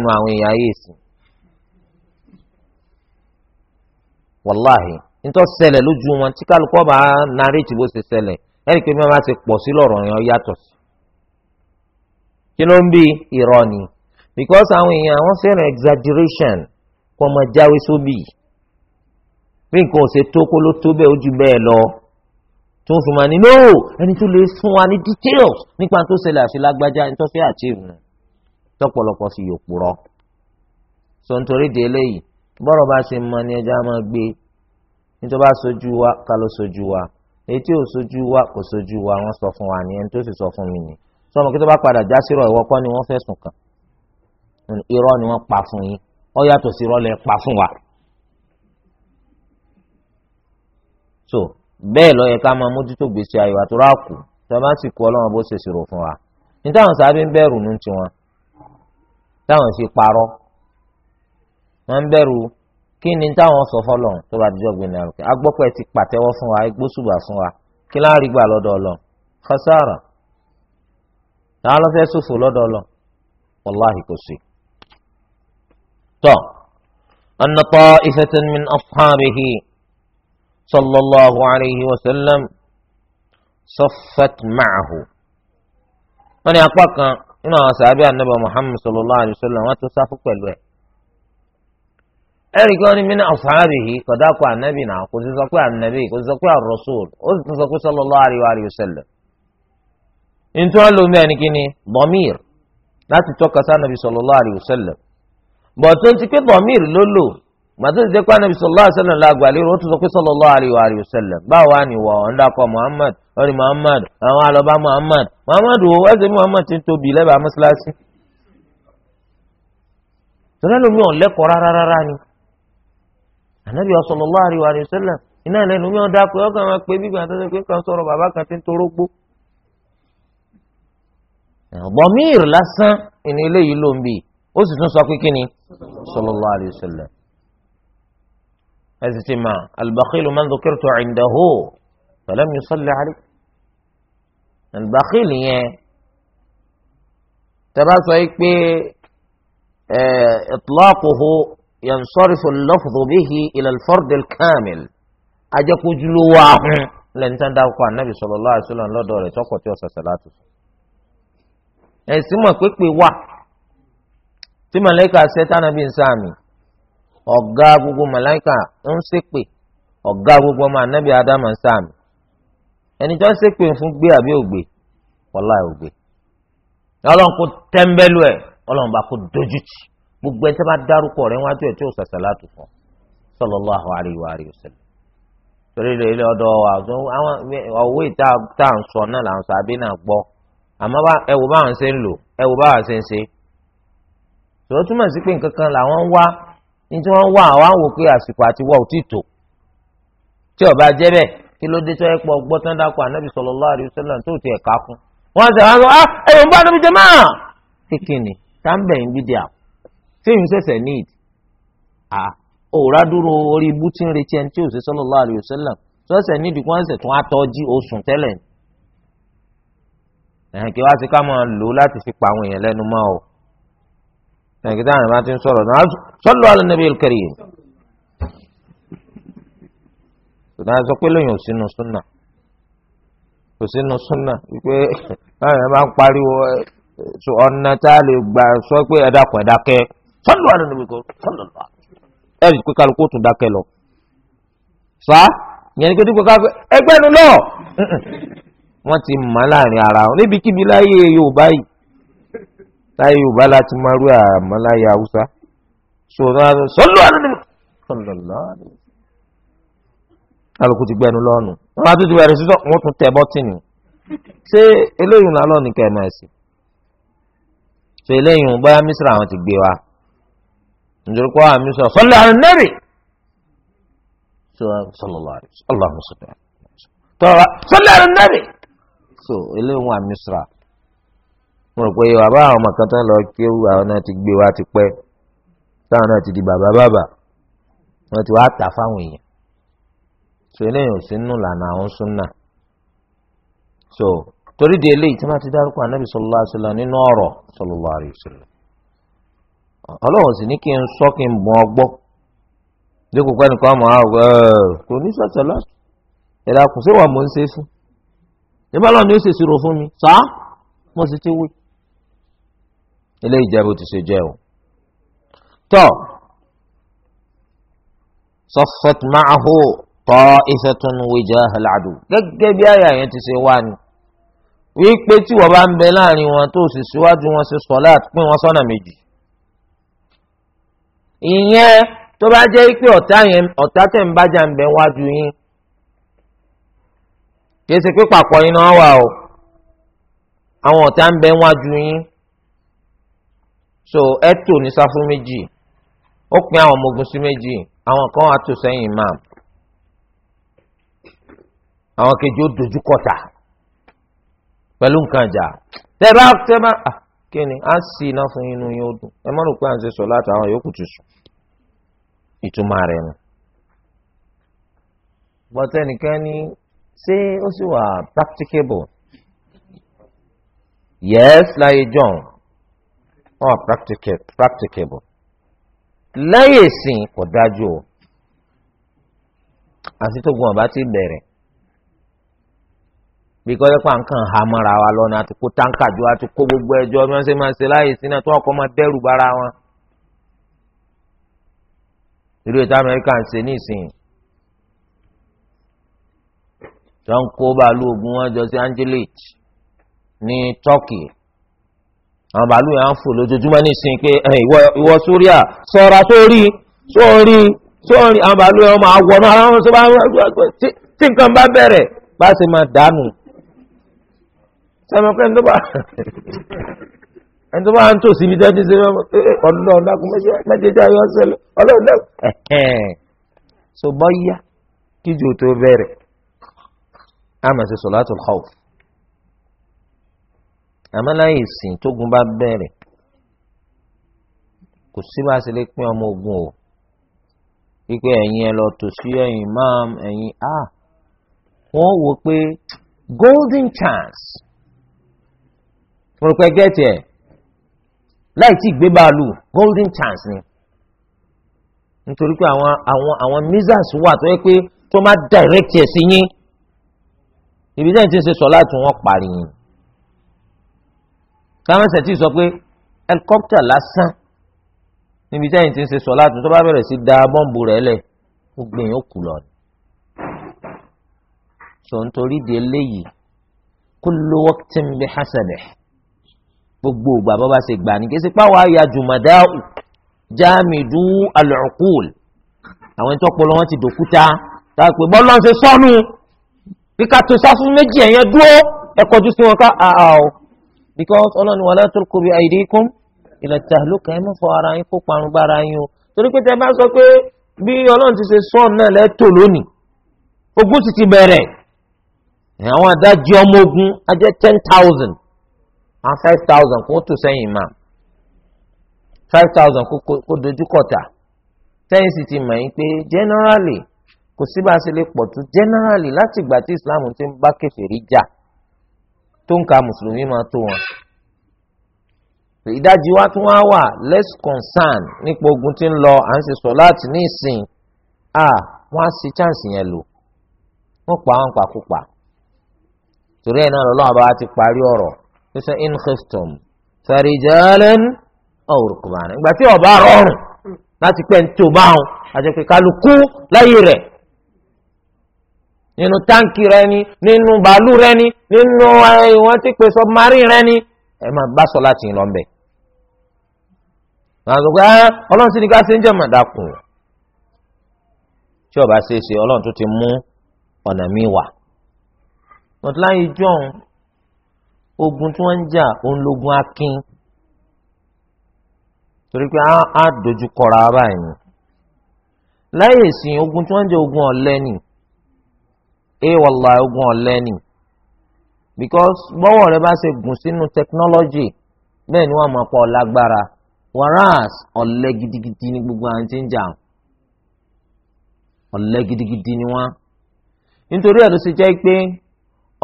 wàláhì nítorí ṣẹlẹ̀ lójú wọn tí kálukọ́ bá nàrètì bó ṣe ṣẹlẹ̀ ẹni pé máa ṣe pọ̀ sí lọ́rọ̀ yẹn yàtọ̀ sí. kí ló ń bí irọ́ ni because àwọn èèyàn àwọn fẹ́ràn exaggeration kó ọmọ jáwé sóbì bí nǹkan ò ṣe tó kó ló tó bẹ́ẹ̀ ó ju bẹ́ẹ̀ lọ tó ń fún wa ní no ẹni tó lè fún wa ní details nípa tó ṣẹlẹ̀ àfi lágbájá ẹni tó fẹ́ achieve nù tọ́pọ̀lọpọ̀ fi yòókù sọ nítorí de eléyìí bọ́rọ̀ bá ṣe mọ ni ẹja máa gbé nítorí bá sojú wa ká ló sojú wa èyí tí ò sojú wa kò sojú wa wọ́n sọ fún wa ni ẹni tó sì sọ fún mi ni sọmọ kí tó bá padà já sírọ̀ ìwọ kọ́ ni wọ́n fẹ̀sùn kàn irọ́ ni wọ́n pa fún yín ó yàtọ̀ sí irọ́ lẹ pa fún wa. so bẹ́ẹ̀ lọ yẹ ká máa mójútó gbèsè ayọ̀ àtúrà kù tí wọ́n bá sì kú ọlọ́run bó ṣe ṣèrò fún wa ní sábẹ́ ń bẹ̀rù ní tiwọn táwọn sì parọ́ wọ́n ń bẹ̀rù kí ni táwọn sọ fọlọ́ tó bá dijọ́ gbìnà rẹ̀ agbọ́pẹ́ ti pàtẹ́wọ́ fún wa egbó fún wa kí láàrin gbà lọ́dọ̀ ọlọ khasara táwọn lọ fẹ́ ṣòfò lọ́dọ̀ ọlọ wàláhì kò sí. tọ́ sallallahu alayhi wa sallam apá kan nínú àwọn sàbẹ̀ ẹ̀rí kan ní mina ashabihi kọ̀dá kó ànábì náà kò sí sọ pé ànábì kò sí sọ pé ar-rasul ó sì sọ pé sallallahu alaihi wa sallam. ntọ́ ló ń bẹ́ẹ̀ ni kí ni bọ́míìr láti tọ́ka sí ànábì sallallahu alaihi wa sallam. bọ̀tún ti pé bọ́míìr ló lò màtó ti jẹ́ pé ànábì sallallahu alaihi wa sallam la gbàlẹ́ ó tún sọ pé sallallahu alaihi wa sallam. báwa ni ànábì sallallahu alaihi wa sallam iná ìlẹ́nu mi ò dákú ọkàn máa pé bíbí àtọ́jú pé kan sọ̀rọ̀ bàbá kan ti ń torógbó. bọ̀míìr lásán ìní eléyìí ló ń bì ó sì tún sọ pé kí ni sallallahu alaihi wa sallam. ẹ sì ti mà al-bakhilu man dhukirtu indahu falam yusalli alayhi. al-bakhil yẹn tẹ́ bá sọ yìí pé itlaquhu yansọ́rìfù lọ́fùdù bíhi ilal fardil kamil ajẹ́kójúlówó ahun lẹ́ni tán dákọ̀ ànábì sallallahu alaihi wasallam lọ́dọ̀ rẹ̀ tọkọ̀ tí ó sọ̀sẹ̀ láti sọ. ẹ̀sìn mọ̀ pépè wà tí màláìka sẹ́tànàbí ń sáàmì ọ̀gá gbogbo màláìka ń ṣépè ọ̀gá gbogbo ọmọ ànábì ádámà ń sáàmì ẹni tó ń ṣépè fún gbé àbí ògbé wàláì ògbé ọlọ́run kò tẹ́ńbẹ́lú ẹ̀ ọlọ́run bá kò dójútì gbogbo ẹni tí wọ́n bá dárúkọ rẹ̀ wọ́n á jọ ẹ̀ tí ò sàṣàlátù fún sallallahu alayhi wa alihi wa sallam torí ilé ilé ọ̀dọ̀ àwọn ọwọ́ ìta tá à ń sọ náà là ń sọ àbí náà gbọ́ àmọ́ ẹwù báwọn ṣe ń lò ẹwù báwọn ṣe ń ṣe tòun túmọ̀ sí pé nǹkan kan làwọn wá ní tí ọba jẹ́ bẹ́ẹ̀ kí ló dé pọ̀ gbọ́ tán dákọ̀ ànábì tó ti ẹ̀ka kún wọ́n sọ ah, tíyìn ṣẹ̀ṣẹ̀ need à òòrá dúró orí ibú tí ń retí ẹni tí ò sí sallallahu alaihi wasallam ṣẹ̀ṣẹ̀ need kí wọ́n ṣẹ̀ tún atọ́jú oṣù tẹ́lẹ̀ ẹ̀hìn kí wá sí ká máa lò láti fi pa àwọn èèyàn lẹ́nu mọ́ ọ ẹ̀hìn kí táwọn bá ti ń sọ̀rọ̀ náà sallu ala nabiyil karim sọ̀tàn sọ pé lóyún ò sínú súnà kò sínú súnà wípé *laughs* báyọ̀ máa ń pariwo ọ̀nà tá a lè gbà sọ pé ẹ̀dá kan ẹ̀dá kẹ́ẹ́ sọ́lù àlọ́ níbi kò sọ́lù lọ. ẹ rí i pé kálukú tún dákẹ́ lọ. fa ìyẹn ni pé dípò káfẹ́ ẹgbẹ́ nu lọ. wọ́n ti mọ̀ láàrin ara wọn níbikíbi láyé Yorùbá yìí láyé Yorùbá láti máa rú àmọ́ láyé Haúsá. sọ́lù àlọ́ níbi sọ́lù lọ. kálukú ti gbẹnu lọ́nu wọ́n á tún ti bẹ̀rẹ̀ sísọ wọ́n tún tẹ̀ bọ́tìnì ṣé eléyìí ńlá lọ́ọ̀nì kẹ́ ẹ̀ ṣe eléyìí ń bá mísírà àwọn ti gbé wa nítorí pé àmì sọ sọlá nẹ́rì sọlá aláhùn sọlá tọ́ra sọlá nẹ́rì so eléyìí wọn àmì sọ̀rọ̀ mo rò pé bàbá àwọn ọmọ kan tán lọ kéwù àwọn náà ti gbé wa ti pẹ́ táwọn náà ti di bàbá bàbá wọn ti wá tà fáwọn èèyàn so eléyìí ò sí nù lànà àwọn súnà so torí de eléyìí tí wọn ti dárúkọ ànábì sallallahu alaihi wasallam nínú ọ̀rọ̀ sallallahu alaihi wasallam ọlọ́run sì ní kí n sọ kí n mọ̀ ọ gbọ́ dípò pé nìkan mọ̀ á ẹ kò ní sọ̀tẹ̀ láti ẹ̀dá kù sí wà mò ń ṣe fún ìbá lọ́ọ̀ ni ó ṣèṣirò fún mi sá mo sì ti wí. ilé ìjẹ́bù ti ṣe jẹ́ o. tọ́ sọ́fọ́t máa hó tọ́ iṣẹ́ tó wíjà aláàdù gẹ́gẹ́ bí àyà yẹn ti ṣe wá ni wípé tí wọ́n bá ń bẹ láàrin wọn tó sì síwájú wọn ṣe sọ́láàt pín wọn sọ́nà méjì ìyẹn tó bá jẹ́ pé ọ̀tá yẹn ọ̀tá tẹ̀ ń bájà ń bẹ wájú yín kìí ṣe pé pàpọ̀ iná wà o àwọn ọ̀tá ń bẹ wájú yín so ẹ tò ní sáfù méjì ó pín àwọn ọmọ ogun sí méjì àwọn kan á tò sẹ́yìn máa àwọn kejì ó dojú kọta pẹ̀lú nǹkan ìjà tẹ́ bá tẹ́ bá. Ah, kíni á sì iná fún inú yín ó dùn ẹ mọ́nù pé à ń ṣe sọ láti àwọn yòókù ti sùn ìtumọ̀ rẹ̀ nù. bọ́tẹ́ nìkan ni ṣé ó sì wà practicable yes láyé john wọn wà practicable láyé sìn kò dájú o àti tó gun ọ̀bá ti bẹ̀rẹ̀ bí kọ́jọ́ pa nǹkan ha mọ́ra wa lọ́nà àti kó táǹkà jọ àti kó gbogbo ẹjọ́ bí wọ́n ṣe máa ṣe láàyè sí náà tó ọkọ̀ máa dẹ́rù bara wọn. irú ètò amẹ́ríkà ń ṣe nísìnyí tó ń kó bàálù ogun wọn jọ sí Angeles ní Turkey àwọn bàálù yẹn á ń fò lójoojúmọ́ nísìnyí pé ìwọ Sóríà sọ̀ra sórí sórí sórí àwọn bàálù yẹn máa wọ̀ náà àwọn tí nǹkan bá bẹ̀rẹ̀ bá ṣe máa dànù sọmọ pé ẹni tó bá ẹni tó bá ń tò síbi tẹ́tí sí ọ̀dọ́ ọ̀dàkùn méjèèjì ayọ̀ ọ̀sẹ̀lẹ̀ ọlọ́ọ̀dà so bọ́yá kíjò tó bẹ̀rẹ̀ a máa ṣe solatul khawf àmọ́ láyé ìsìn tógun bá bẹ̀rẹ̀ kò sí bá a ṣe lè pín ọmọ ogun o wípé ẹ̀yin ẹ lọ tò sí ẹ̀yin máa ẹ̀yin a ah, wọ́n wò pé golden chance mo rò pé gẹ́ẹ̀tì ẹ̀ láì tí gbé bàálù golden chance ni nítorí pé àwọn àwọn àwọn measles wà tó yẹ pé tó máa direct ẹ̀ sí yín ibi tẹ́yìn ti ń ṣe sọ láti wọ́n parí yín kámẹ́sẹ̀ tí sọ pé helicopter lásán níbi tẹ́yìn ti ń ṣe sọ láti tó bá bẹ̀rẹ̀ sí da bọ́ǹbù rẹ̀ lẹ̀ ó gbìyànjú kù lọ ni sọ nítorí di eléyìí kullu waqtin bihasabihi gbogbo ògbà bó bá ṣe gbà ní kí ẹ ṣe páwọn ayé àjùmọ̀dáù jáàmìdú alọ́ọ̀kùl àwọn ẹni tó pọ̀ lọ́wọ́ ti dòkúta táà pé bọ́lá ń ṣe sọ́nù kíkà tó sáfún méjì ẹ̀yẹn dúró ẹ kọjú sí wọn ká àá o because ọlọ́ni wala tulqu bi aydikum ila tahluka ẹ mọ̀fọ́ ara yín kó parun bá ara yín o torí pé tẹ bá sọ pé bí ọlọ́run ti ṣe sọ́ọ̀n náà lẹ́tọ̀ lónìí ogun sì ti bẹ̀rẹ̀ àwọn adájọ́ ọmọ ogun ajẹ́ ten thousand àwọn five thousand kó tò sẹ́yìn imam five thousand kó dojú kọ̀tà sẹ́yìn sì ti mọ̀ yín pé generally kò sí bá a ṣe lè pọ̀ tó generally láti ìgbà tí islam ti ń bá kèfèrí jà tó ń ka mùsùlùmí máa tó wọn ìdajì wa tún wá wà less concern nípa ogun tí ń lọ à ń ṣe sọ láti ní ìsìn à wọn á ṣe chance yẹn lò wọn pa wọn pàkópa torí ẹ̀ náà lọ́wọ́ àbá ti parí ọ̀rọ̀ fífẹ in khiftum farijalan aw rukbana ìgbà tí ọba rọrùn láti pẹ́ ní tó bá wọn àti pé kálukú láyé rẹ̀ nínú táǹkì rẹ ni nínú bàálù rẹ ni nínú eh, ìwọ́n ti pè submarine rẹ ni ẹ máa bá sọ láti lọ bẹ̀. àwọn àgbẹ̀ ah, ọlọ́run sì ni ká ṣe ń jẹ́ màdàkùn tí ọba ṣe é ṣe ọlọ́run tó ti mú ọ̀nà mi wà. mọ̀tíláyé john ogun tí wọ́n ń jà òun lógun akin torí pé á dojú kọra báyìí ni láyé sí, ogun tí wọ́n ń jà ogun ọ̀lẹ ni ẹ wàlá ogun ọ̀lẹ ni because bọ́wọ́ rẹ bá ṣe gùn sínú technology bẹ́ẹ̀ ni wọ́n máa pọ̀ lágbára whereas ọ̀lẹ́ gidigidi ni gbogbo àwọn tí ń jà ọ̀lẹ gidigidi ni wọ́n nítorí ẹ̀ ló ṣe jẹ́ pé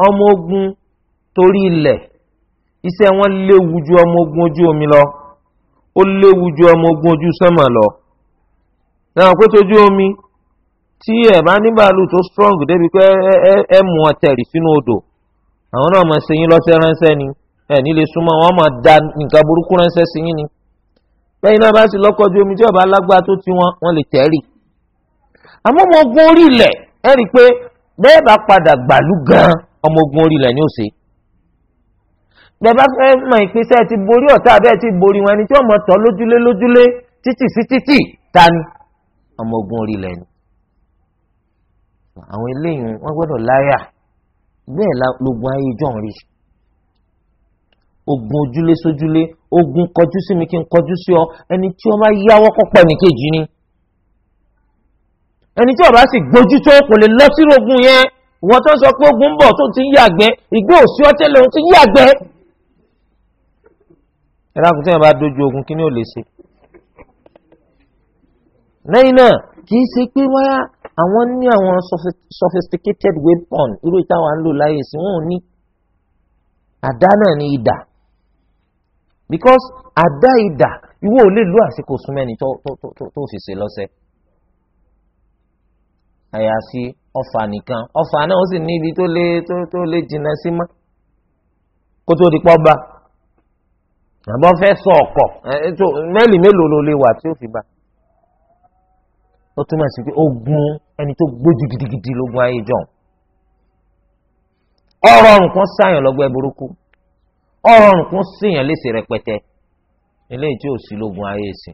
ọmọ ogun torí ilẹ̀ iṣẹ́ wọn léwu ju ọmọ ogun ojú omi lọ ó léwu ju ọmọ ogun ojú sánmà lọ náà pé tójú omi tí ẹ bá ní bàálù tó strong débi pé ẹ mú ọ tẹ̀rì sínú odò àwọn náà máa ṣe yín lọ́sẹ̀ ránṣẹ́ ni ẹ nílé súnmọ́ wọn máa da nǹkan burúkú ránṣẹ́ sí yín ni lẹ́yìn náà bá sì lọ́kọ̀ ju omi tí ọba alágbá tó ti wọn wọn lè tẹ̀rì àmọ́ ọmọ ogun orí ilẹ̀ ẹ rí i pé bẹ́ẹ̀ bá padà gbàlú gan ọmọ ogun orí ilẹ̀ ni ó ṣe bẹ́ẹ̀ fẹ́ mọ ìpínṣẹ́ ti borí ọ̀tá abẹ́ ti borí wọn ẹni tí ọmọ tọ́ lójúlé lójúlé títì sí títì ta ni ọmọ ogun orí ilẹ̀ ni. àwọn eléyìí wọ́n gbọ́dọ̀ láyà bẹ́ẹ̀ lógun ayé ìjọ ń rí ogun ojúlé sójúlé ogun kọjú sí mi kí n kọjú sí ọ ẹni tí ọmọ yáwọ́ kọ́pọ̀ ní kejì ni ẹni tí ọba sì gbójú tó kò lè lọ sí ogun yẹn wọ́n tó sọ pé ogun ń bọ̀ tó ti ń yàgbẹ́ ìgbé òsì ọtẹ́lẹ̀ òun ti ń yàgbẹ́ ẹ̀rọ àkùtì yẹn bá dojú ogun kí ni ó lè ṣe. lẹ́yìn náà kì í ṣe pé wáyà àwọn ní àwọn sophisticated weapon irú ìtawà ń lò láyè sí wọn ò ní àdá náà ní idà because àdá idà ìwọ ò lè lo àsìkò súnmẹ́ni tó fi ṣe lọ́sẹ̀ àyàfi ọfà nìkan ọfà náà ó sì ní ibi tó lè jìnnà sí mọ́ kó tó di pọ́ bá àbọ̀ fẹ́ sọ ọkọ̀ ètò mẹ́lì mélòó ló lè wà tí ó fi bá ó túmọ̀ sí pé ogun ẹni tó gbójú gidigidi lógun ayé jọ̀hún ọ̀rọ̀ nǹkan sáyàn lọ́gbẹ́ burúkú ọ̀rọ̀ nǹkan síyàn léṣe rẹpẹtẹ eléyìí tí ò sí lógun ayé sí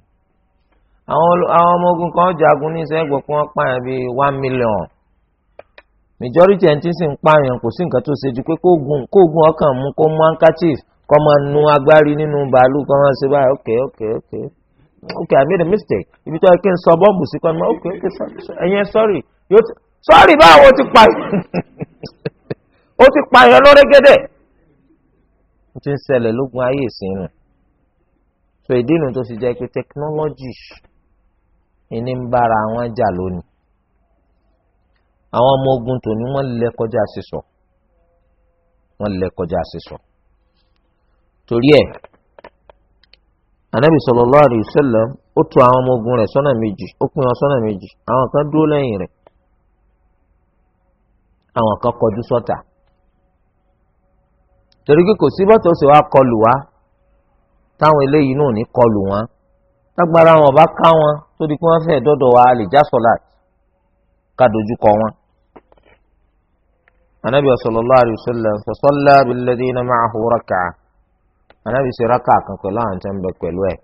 àwọn ọmọ ogun kan jagun ní sẹ́gbọ̀n pé wọ́n pààyàn bíi one million majority ẹni tí ń sìn pààyàn kò sí nǹkan tó ṣe ju pé kóògùn kóògùn ọkàn mú kó mú handkerchief kọ́ máa nu agbárí nínú bàálù kọ́ máa ṣe báyìí ok ok ok ok I made a mistake ibi tó yẹ kí n sọ bọ́ọ̀bù sí kọ́ ok ok ẹ̀yin sorry sorry báwo o ti pa o *laughs* ti pa yẹn lórégédé n ti ń ṣẹlẹ̀ lógun ayé ìsìn so ìdí nu tó fi jẹ́ pé technology ìní ń bára àwọn jà lónìí àwọn ọmọ ogun tòní wọ́n lè kọjá sísọ wọ́n lè kọjá sísọ torí ẹ̀ anabi sallallahu alayhi wa sallam ó tọ̀ àwọn ọmọ ogun rẹ̀ sọ́nà méjì ó pín wọn sọ́nà méjì àwọn kan dúró lẹ́yìn rẹ̀ àwọn kan kọjú sọ́tà torí pé kò sí bọ́tò ṣe wá kọlù wá táwọn eléyìí náà ní kọlù wọn tágbára wọn bá ká wọn tó di pé wọn wa lè já sọlá ká dojú kọ wọn. anabi anábì ṣe rákà kan pẹ̀lú àwọn tó ń bẹ pẹ̀lú ẹ̀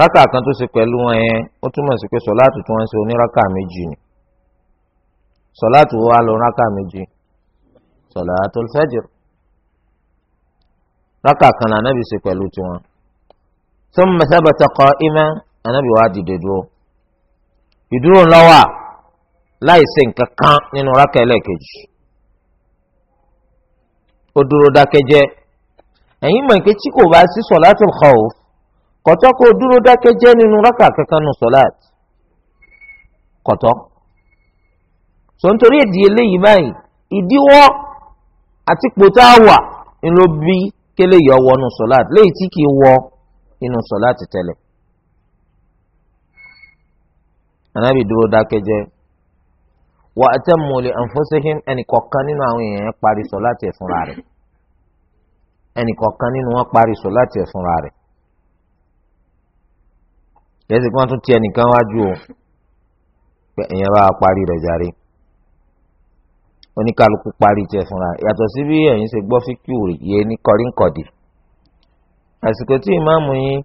rákà kan tó ṣe pẹ̀lú wọn yẹn ó túmọ̀ sí pé sọ̀láàtù tí wọ́n ṣe onírákà méjì ni sọ̀láàtù wo wá lọ rákà méjì sọ̀láàtù fẹ́jì rákà kan là anábì ṣe pẹ̀lú tiwọn tó ń mẹsàbẹ̀tẹ̀ kọ imẹ́ anábì wa dìde dúró ìdúró ńlọ́wà láì ṣe nǹkan kan nínú rákà ẹlẹ́ẹ̀kejì ó dúró dákẹ́jẹ́ ẹ̀yin mọ̀ pé tí kò bá sí sọ̀láàtì khawf kọ̀tọ́ kó dúró dákẹ́jẹ́ nínú rákà kankan nù sọ̀láàtì kọ̀tọ́ sọ nítorí ìdí eléyìí báyìí ìdíwọ́ àti pòtá wà ńlọ bí kélé yọ wọ nù sọ̀láàtì léyìí tí kì í wọ inú sọ̀láàtì tẹ̀lẹ̀ anábì dúró dákẹ́jẹ́ wa atammu li anfusihim ẹnì kọ̀ọ̀kan nínú àwọn èèyàn yẹn parí sọ láti ẹ̀fúnra rẹ̀ ẹnì kọ̀ọ̀kan nínú wọn parí sọ láti ẹ̀fúnra rẹ̀ yẹ́sì kí wọ́n tún ti ẹnìkan wájú o pé èèyàn bá parí rẹ̀ jàre oníkálukú parí tiẹ̀ fúnra yàtọ̀ sí bí ẹ̀yin ṣe gbọ́ fíkìú yé ní kọrínkọ̀dì àsìkò tí ìmáàmù yín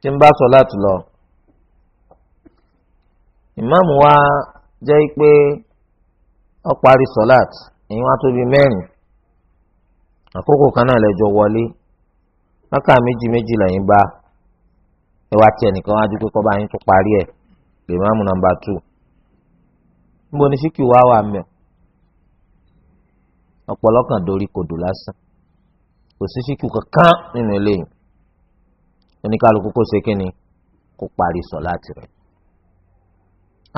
ti ń bá sọ láti lọ Imam wa jẹ́ pé ó parí sọ́láàt èyí wá tó bí mẹ́rin àkókò kan náà lẹ́jọ́ wọlé rákà méjì méjì lẹ́yìn bá ẹ wá tiẹ̀ nìkan wá dúpẹ́ kọ́ bá yín tó parí ẹ̀ lè máàmù nàmbà tù níbo ni síkì wá wà mẹ́ ọ̀pọ̀lọkàn dorí kodò lásán kò sí síkì kankan nínú eléyìí oníkálukú kó ṣe kínni kó parí sọ́láàt rẹ̀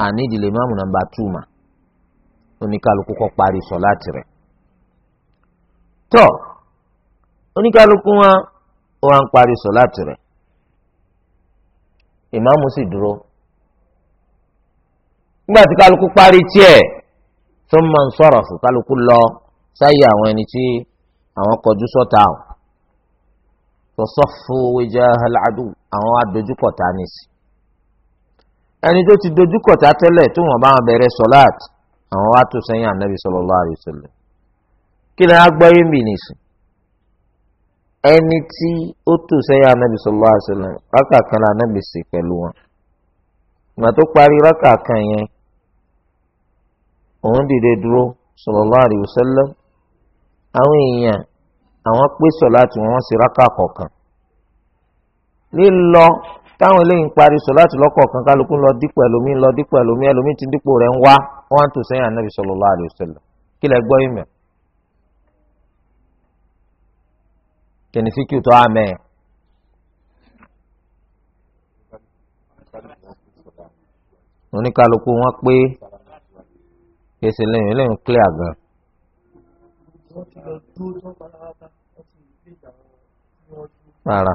àní ìdílé máàmù nàmbà tù mà oníkálukú kọ́ parí sọ láti rẹ̀ tọ́ oníkálukú wọn ó wá ń parí sọ láti rẹ̀ ìmáàmù sì dúró nígbà tí kálukú parí tiẹ̀ tó máa ń sọ̀rọ̀ fún kálukú lọ sáyé àwọn ẹni tí àwọn kọjú sọ́ta ọ̀ sọ́sọ́ fún wíjà aláàdù àwọn adójúkọ̀ta nìsí ẹni tó ti dojúkọ̀tà tẹ́lẹ̀ tó wọ́n bá wọn bẹ̀rẹ̀ sọ́láàt àwọn wá tó sẹ́yìn ànábì sallallahu alaihi wasallam kí ni a gbọ́ yín bì nìsín ẹni tí ó tò sẹ́yìn ànábì sallallahu alaihi wasallam rákà kan la ànábì sì pẹ̀lú wọn ìgbà tó parí rákà kan yẹn òun dìde dúró sallallahu alaihi wasallam àwọn èèyàn àwọn pé sọ̀láàtì wọn wọ́n rákà kọ̀ọ̀kan lílọ táwọn eléyìí ń parí sọ láti lọ́kọ̀ọ̀kan kálukú lọ dípò ẹlòmí lọ dípò ẹlòmí ẹlòmí ti dípò rẹ̀ ń wá wọn tó sẹ́yìn anabi sallallahu alaihi wasallam kí lẹ gbọ́ ìmọ̀ kìnìfìkì tó àmẹ́ oníkálukú wọn pé kèsì lẹ́yìn lẹ́yìn clear gan. rárá.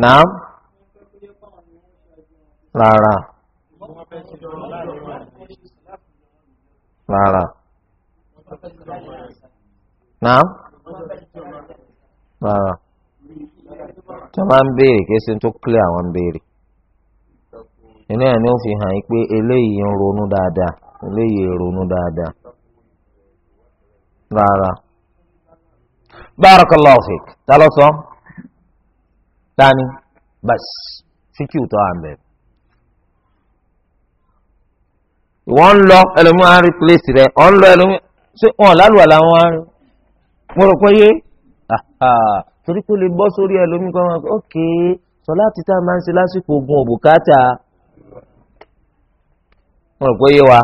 Naam. Rárá. Rárá. Naam. Rárá. Tí wọ́n máa ń béèrè kí ẹsẹ̀ tó clear àwọn ń béèrè. Inú ẹ̀ ni ó fi hàn yín pé eléyìí ń ronú dáadáa, eléyìí ń ronú barakallahu fik ta ló sọ tani bas fíkìú tó à ń bẹ̀rẹ̀ ìwọ ń lọ ẹlòmíràn á rí pílẹ̀sì rẹ ọ̀ ń lọ ẹlòmíràn ṣé wọn lálùwà làwọn á rí mo rò pé yé torí kó lè bọ́ sórí ẹlòmíràn kan wọn ok sọlá ti tá máa ń ṣe lásìkò ogun òbúkátà mo rò pé wa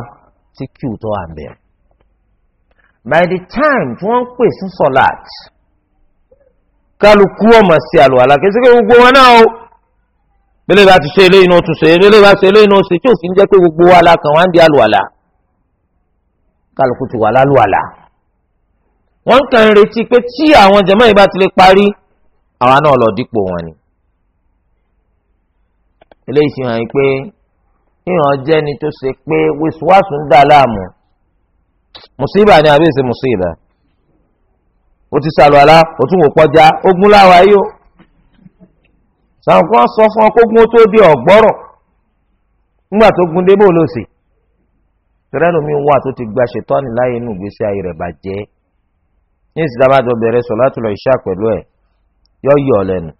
fíkìú tó à by the time tí wọ́n ń pè fún sọlá kálukú ọmọ sí àlùwàlà kí sẹ́kẹ́ gbogbo wọn náà o bẹ́lẹ̀ bá ti ṣe eléyìí náà tún ṣe eléyìí bá ṣe eléyìí náà ṣe tí ò sì ń jẹ́ pé gbogbo wa la kàn wá ń di àlùwàlà kálukú ti wà lálùwàlà wọ́n kàn ń retí pé tí àwọn jẹ̀mọ́ yìí bá ti lè parí àwa náà lọ dípò wọn ni eléyìí sì hàn yín pé ìhàn jẹ́ni tó ṣe pé wíṣíwáṣù ń dà láàmú mùsíbà ni àbí èsì mùsíbà o ti sàlùwàlá o tún wò kọjá ogun láwa yìí o sàwọn kan sọ fún ọ kógun tó di ọgbọrọ ńgbà tó gun dé bó ló sì tẹrẹlómi wà tó ti gba ṣètọ́ni láàyè inú ìgbésí ayé rẹ̀ bàjẹ́ ní ìsìlá bá jọ bẹ̀rẹ̀ sọ láti lọ ìṣá pẹ̀lú ẹ̀ yọ yọ lẹ́nu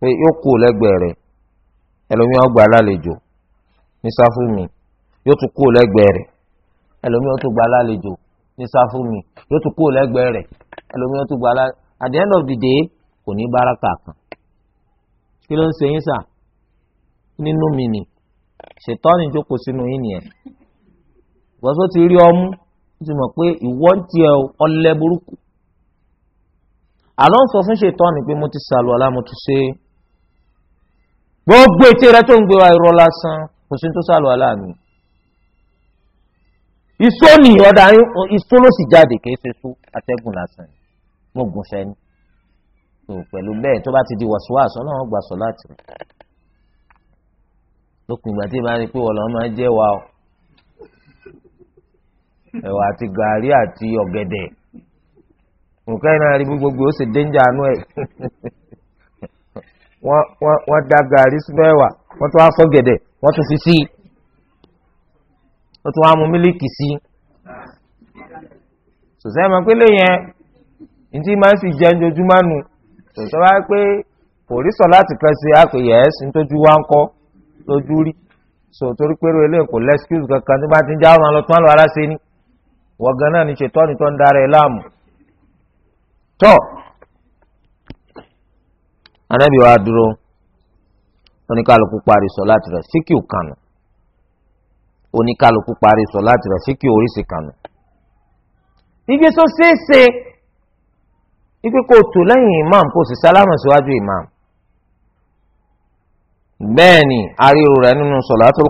pé yóò kú lẹ́gbẹ̀ẹ́ rẹ̀ ẹlòmíì ọgbà alálejò ní sáfù mi yóò tún kú lẹ́gbẹ̀ẹ́ rẹ̀ ẹlòmíì ó gba alálejò ní sáfù mi yóò tún kúrò lẹ́gbẹ̀ẹ́ rẹ̀ ẹlòmíì tún gba at the end of the day kò ní báraka kan kí ló ń ṣe yín sà nínú mi nì ṣètọ́ni jókòó sínú yín nìyẹn ìwọ́sọ́ ti rí ọmú ó ti mọ̀ pé ìwọ́ ń tiẹ̀ ọlẹ́ burúkú àlọ́ ń sọ fún ṣètọ́ni pé mo ti sàlù ọ̀la mo ti ṣe gbogbo ètè rẹ tó ń gbé wa irọ́ lásán kò sí tó sàlù ọ̀la mi ìsó ni ọ̀dà ìsó ló sì jáde kìí ṣe sú atẹ́gùn lásán mo gùn sẹ́ni tó pẹ̀lú bẹ́ẹ̀ tó bá ti di wàsíwàsí ọlọ́run gbà sọ láti rẹ̀ lópin ìgbà tí ìbára pé wọ́n máa jẹ́ wa ọ ẹ̀wà àti gàárì àti ọ̀gẹ̀dẹ̀ nǹkan iná rí gbogbo ó sì dénjà àánú ẹ̀ *laughs* wọ́n dá gàárì sínú ẹ̀wà wọ́n tún wá fọ́ gẹ̀dẹ̀ wọ́n tún fi sí i ó tún wá mu mílíkì sí i sòsẹ́ máa pé lè yẹn ntí máa ń sì jẹ́ ojoojúmọ́ nù sòsẹ́ wá pé kò rí sọ láti kẹ́ sí àpè yẹ́sì nítorí wá ń kọ́ lójú rí so torí pé eléyìí kò lẹ́síkúsù kankan tí bá ti ń já ọ̀run àlọ́tún àlọ́ ara ṣe ni wọ̀gán náà ní ṣètọ́ ni tó ń darẹ̀ láàmú. tọ́ anábì dúró oníkàlùkù parí sọ láti rẹ̀ síkìù kànú oníkálukú parí sọ láti rẹ̀ fíkì oríṣi kànú. ibi tó ṣeé ṣe ibi kò tó lẹ́yìn imam kò sì sálámà síwájú imam. bẹ́ẹ̀ ni ariwo rẹ̀ nínú sọ̀látùl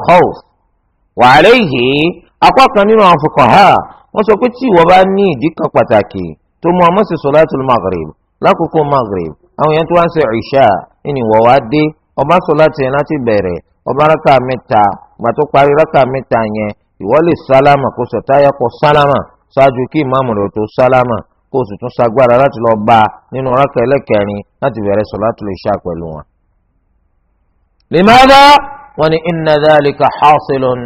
apá kan nínú wọ́n sọ pé tí ìwọ bá ní ìdí kan pàtàkì tó mú ọmọ sí lákòókò àwọn gbà tó parí rákà mẹ́ta yẹn ìwọ lè sálámà kó sọ táyà pọ̀ sálámà ṣáájú kí ìmáàmù rẹ̀ tó sálámà kó o sì tún sagbára láti lọ bá a nínú rákà ẹlẹ́kẹrin láti bẹ̀rẹ̀ sọ̀látul ìṣá pẹ̀lú wọn. limadha wọn ni inna dhalika hasilun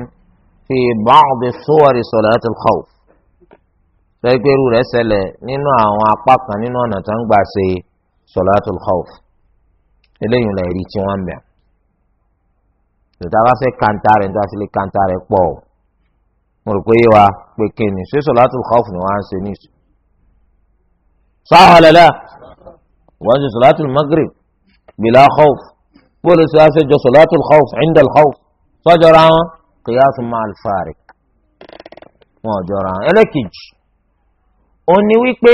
fi ba'di suwari sọ̀látul khawf sẹ́gbẹ́rú rẹ̀ ṣẹlẹ̀ nínú àwọn apá kan nínú ọ̀nà tó ń gbà ṣe sọ̀látul khawf eléyìí lẹ́ẹ̀rí tí wọ́n ń tòtá bá fẹ́ kanta rẹ̀ níta sí lè kanta rẹ̀ pọ̀ o mo rò pé yé wa pé kéènì ṣé sọ̀látùl khawf ni wọ́n á ń ṣe ní ìsìn. sáhàlẹ́lá wọ́n ṣe sọ̀látùl maghrib bila khawf bóòlù sí aṣọ jọ sọ̀látùl khawf indal khawf sọ́jọ́ra wọn kìyàsùn máa fàárẹ̀ wọn ò jọra wọn. ẹlẹ́kejì ó ní wípé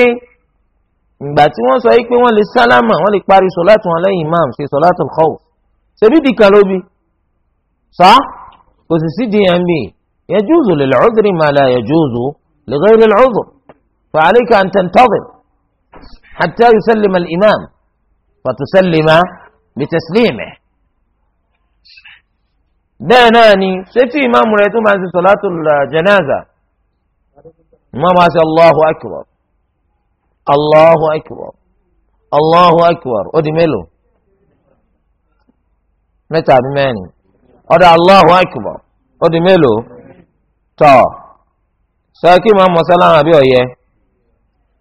ìgbà tí wọ́n sọ wípé wọ́n lè sálámà wọ́n lè parí sọ̀látù wọn lẹ́yìn imáàmù ṣe sọ̀látùl khawf ṣebí dìkan lóbi صح kò sì sí dmb يجوز للعذر ما لا يجوز لغير العذر فعليك أن تنتظر حتى يسلم الإمام فتسلم بتسليمه bẹ́ẹ̀ náà ni ṣètì ìmáàmù rẹ̀ tó máa ń ṣe sọ̀látù jẹnáza wọ́n máa ṣe allahu akbar allahu akbar allahu akbar ó di mélòó mẹ́ta àbí mẹ́rin ọ̀dà Allahu akbar ó di mélòó tọ̀ sọ́kì máa mọ̀ sálámà bí ọ̀yẹ́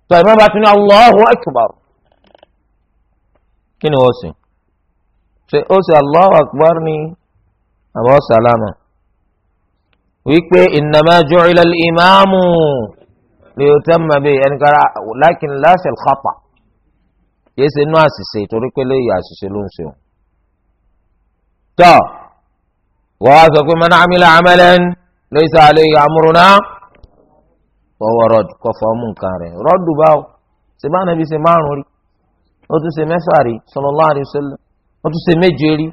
tọ̀ ìmọ̀ bá tún ní Allahu akbar kí ni ó sì ṣe ó sì Allahu akbar ní àbọ̀ sálámà wípé innama ju'ila al-imamu liyutamma bihi ẹnìkan lakin la fil khata yéé ṣe inú àṣìṣe torí pé lóye àṣìṣe ló ń ṣe o wọ́n á sọ pé man amila amalan laysa alayhi amruna fọwọ́ rọ́ọ̀dù kọ́ fọ́ọ̀mù nǹkan rẹ̀ rọ́ọ̀dù báwo ṣe bá nàbí ṣe márùn rí ó tún ṣe mẹ́fà rí sallallahu alaihi wasallam ó tún ṣe méje rí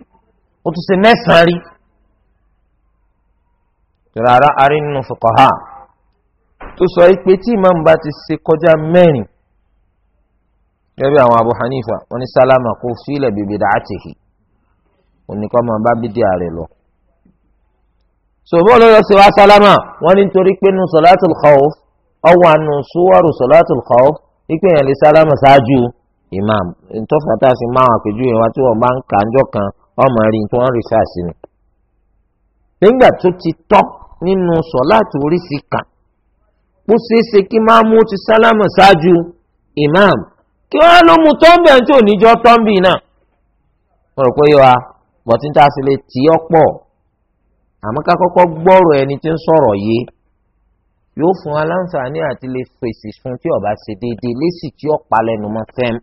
ó tún ṣe mẹ́sàn-án rí. rárá arínú fuqaha tó sọ pé tí ìmáàmù bá ti ṣe kọjá mẹ́rin gẹ́gẹ́ bí àwọn Abu Hanifa wọ́n ní sálámà kó fílẹ̀ bìbìdà àtìhì òní kọ́ máa bá bídìí ààrẹ lọ sòbó ló lọ sí wa sálámà wọn ní nítorí pé nu sọláàtùl khawf ọwọ́ àánú súwárù sọláàtùl khawf ipe yẹn lè sálámà ṣáájú imam ntọ́fàtà sí máa àpèjúwe wa tí wọ́n bá ń kà á jọ kan ọmọ rí tí wọ́n rí sáà sí ni. nígbà tó ti tọ́ nínú sọláàtù oríṣi kan kó ṣeéṣe kí máàmú ti sálámà ṣáájú imam kí wọ́n ló mu tọ́ǹbì ẹ̀ ń tí ò ní jọ tọ́ǹbì náà. mo rò pé yọ àmọ́ ká kọ́kọ́ gbọ́rọ̀ ẹni tí ń sọ̀rọ̀ yìí yóò fún aláǹfààní àti lè fèsì fún tí ọba ṣe déédéé lésì tí ó palẹ̀nu mọ́ fẹ́m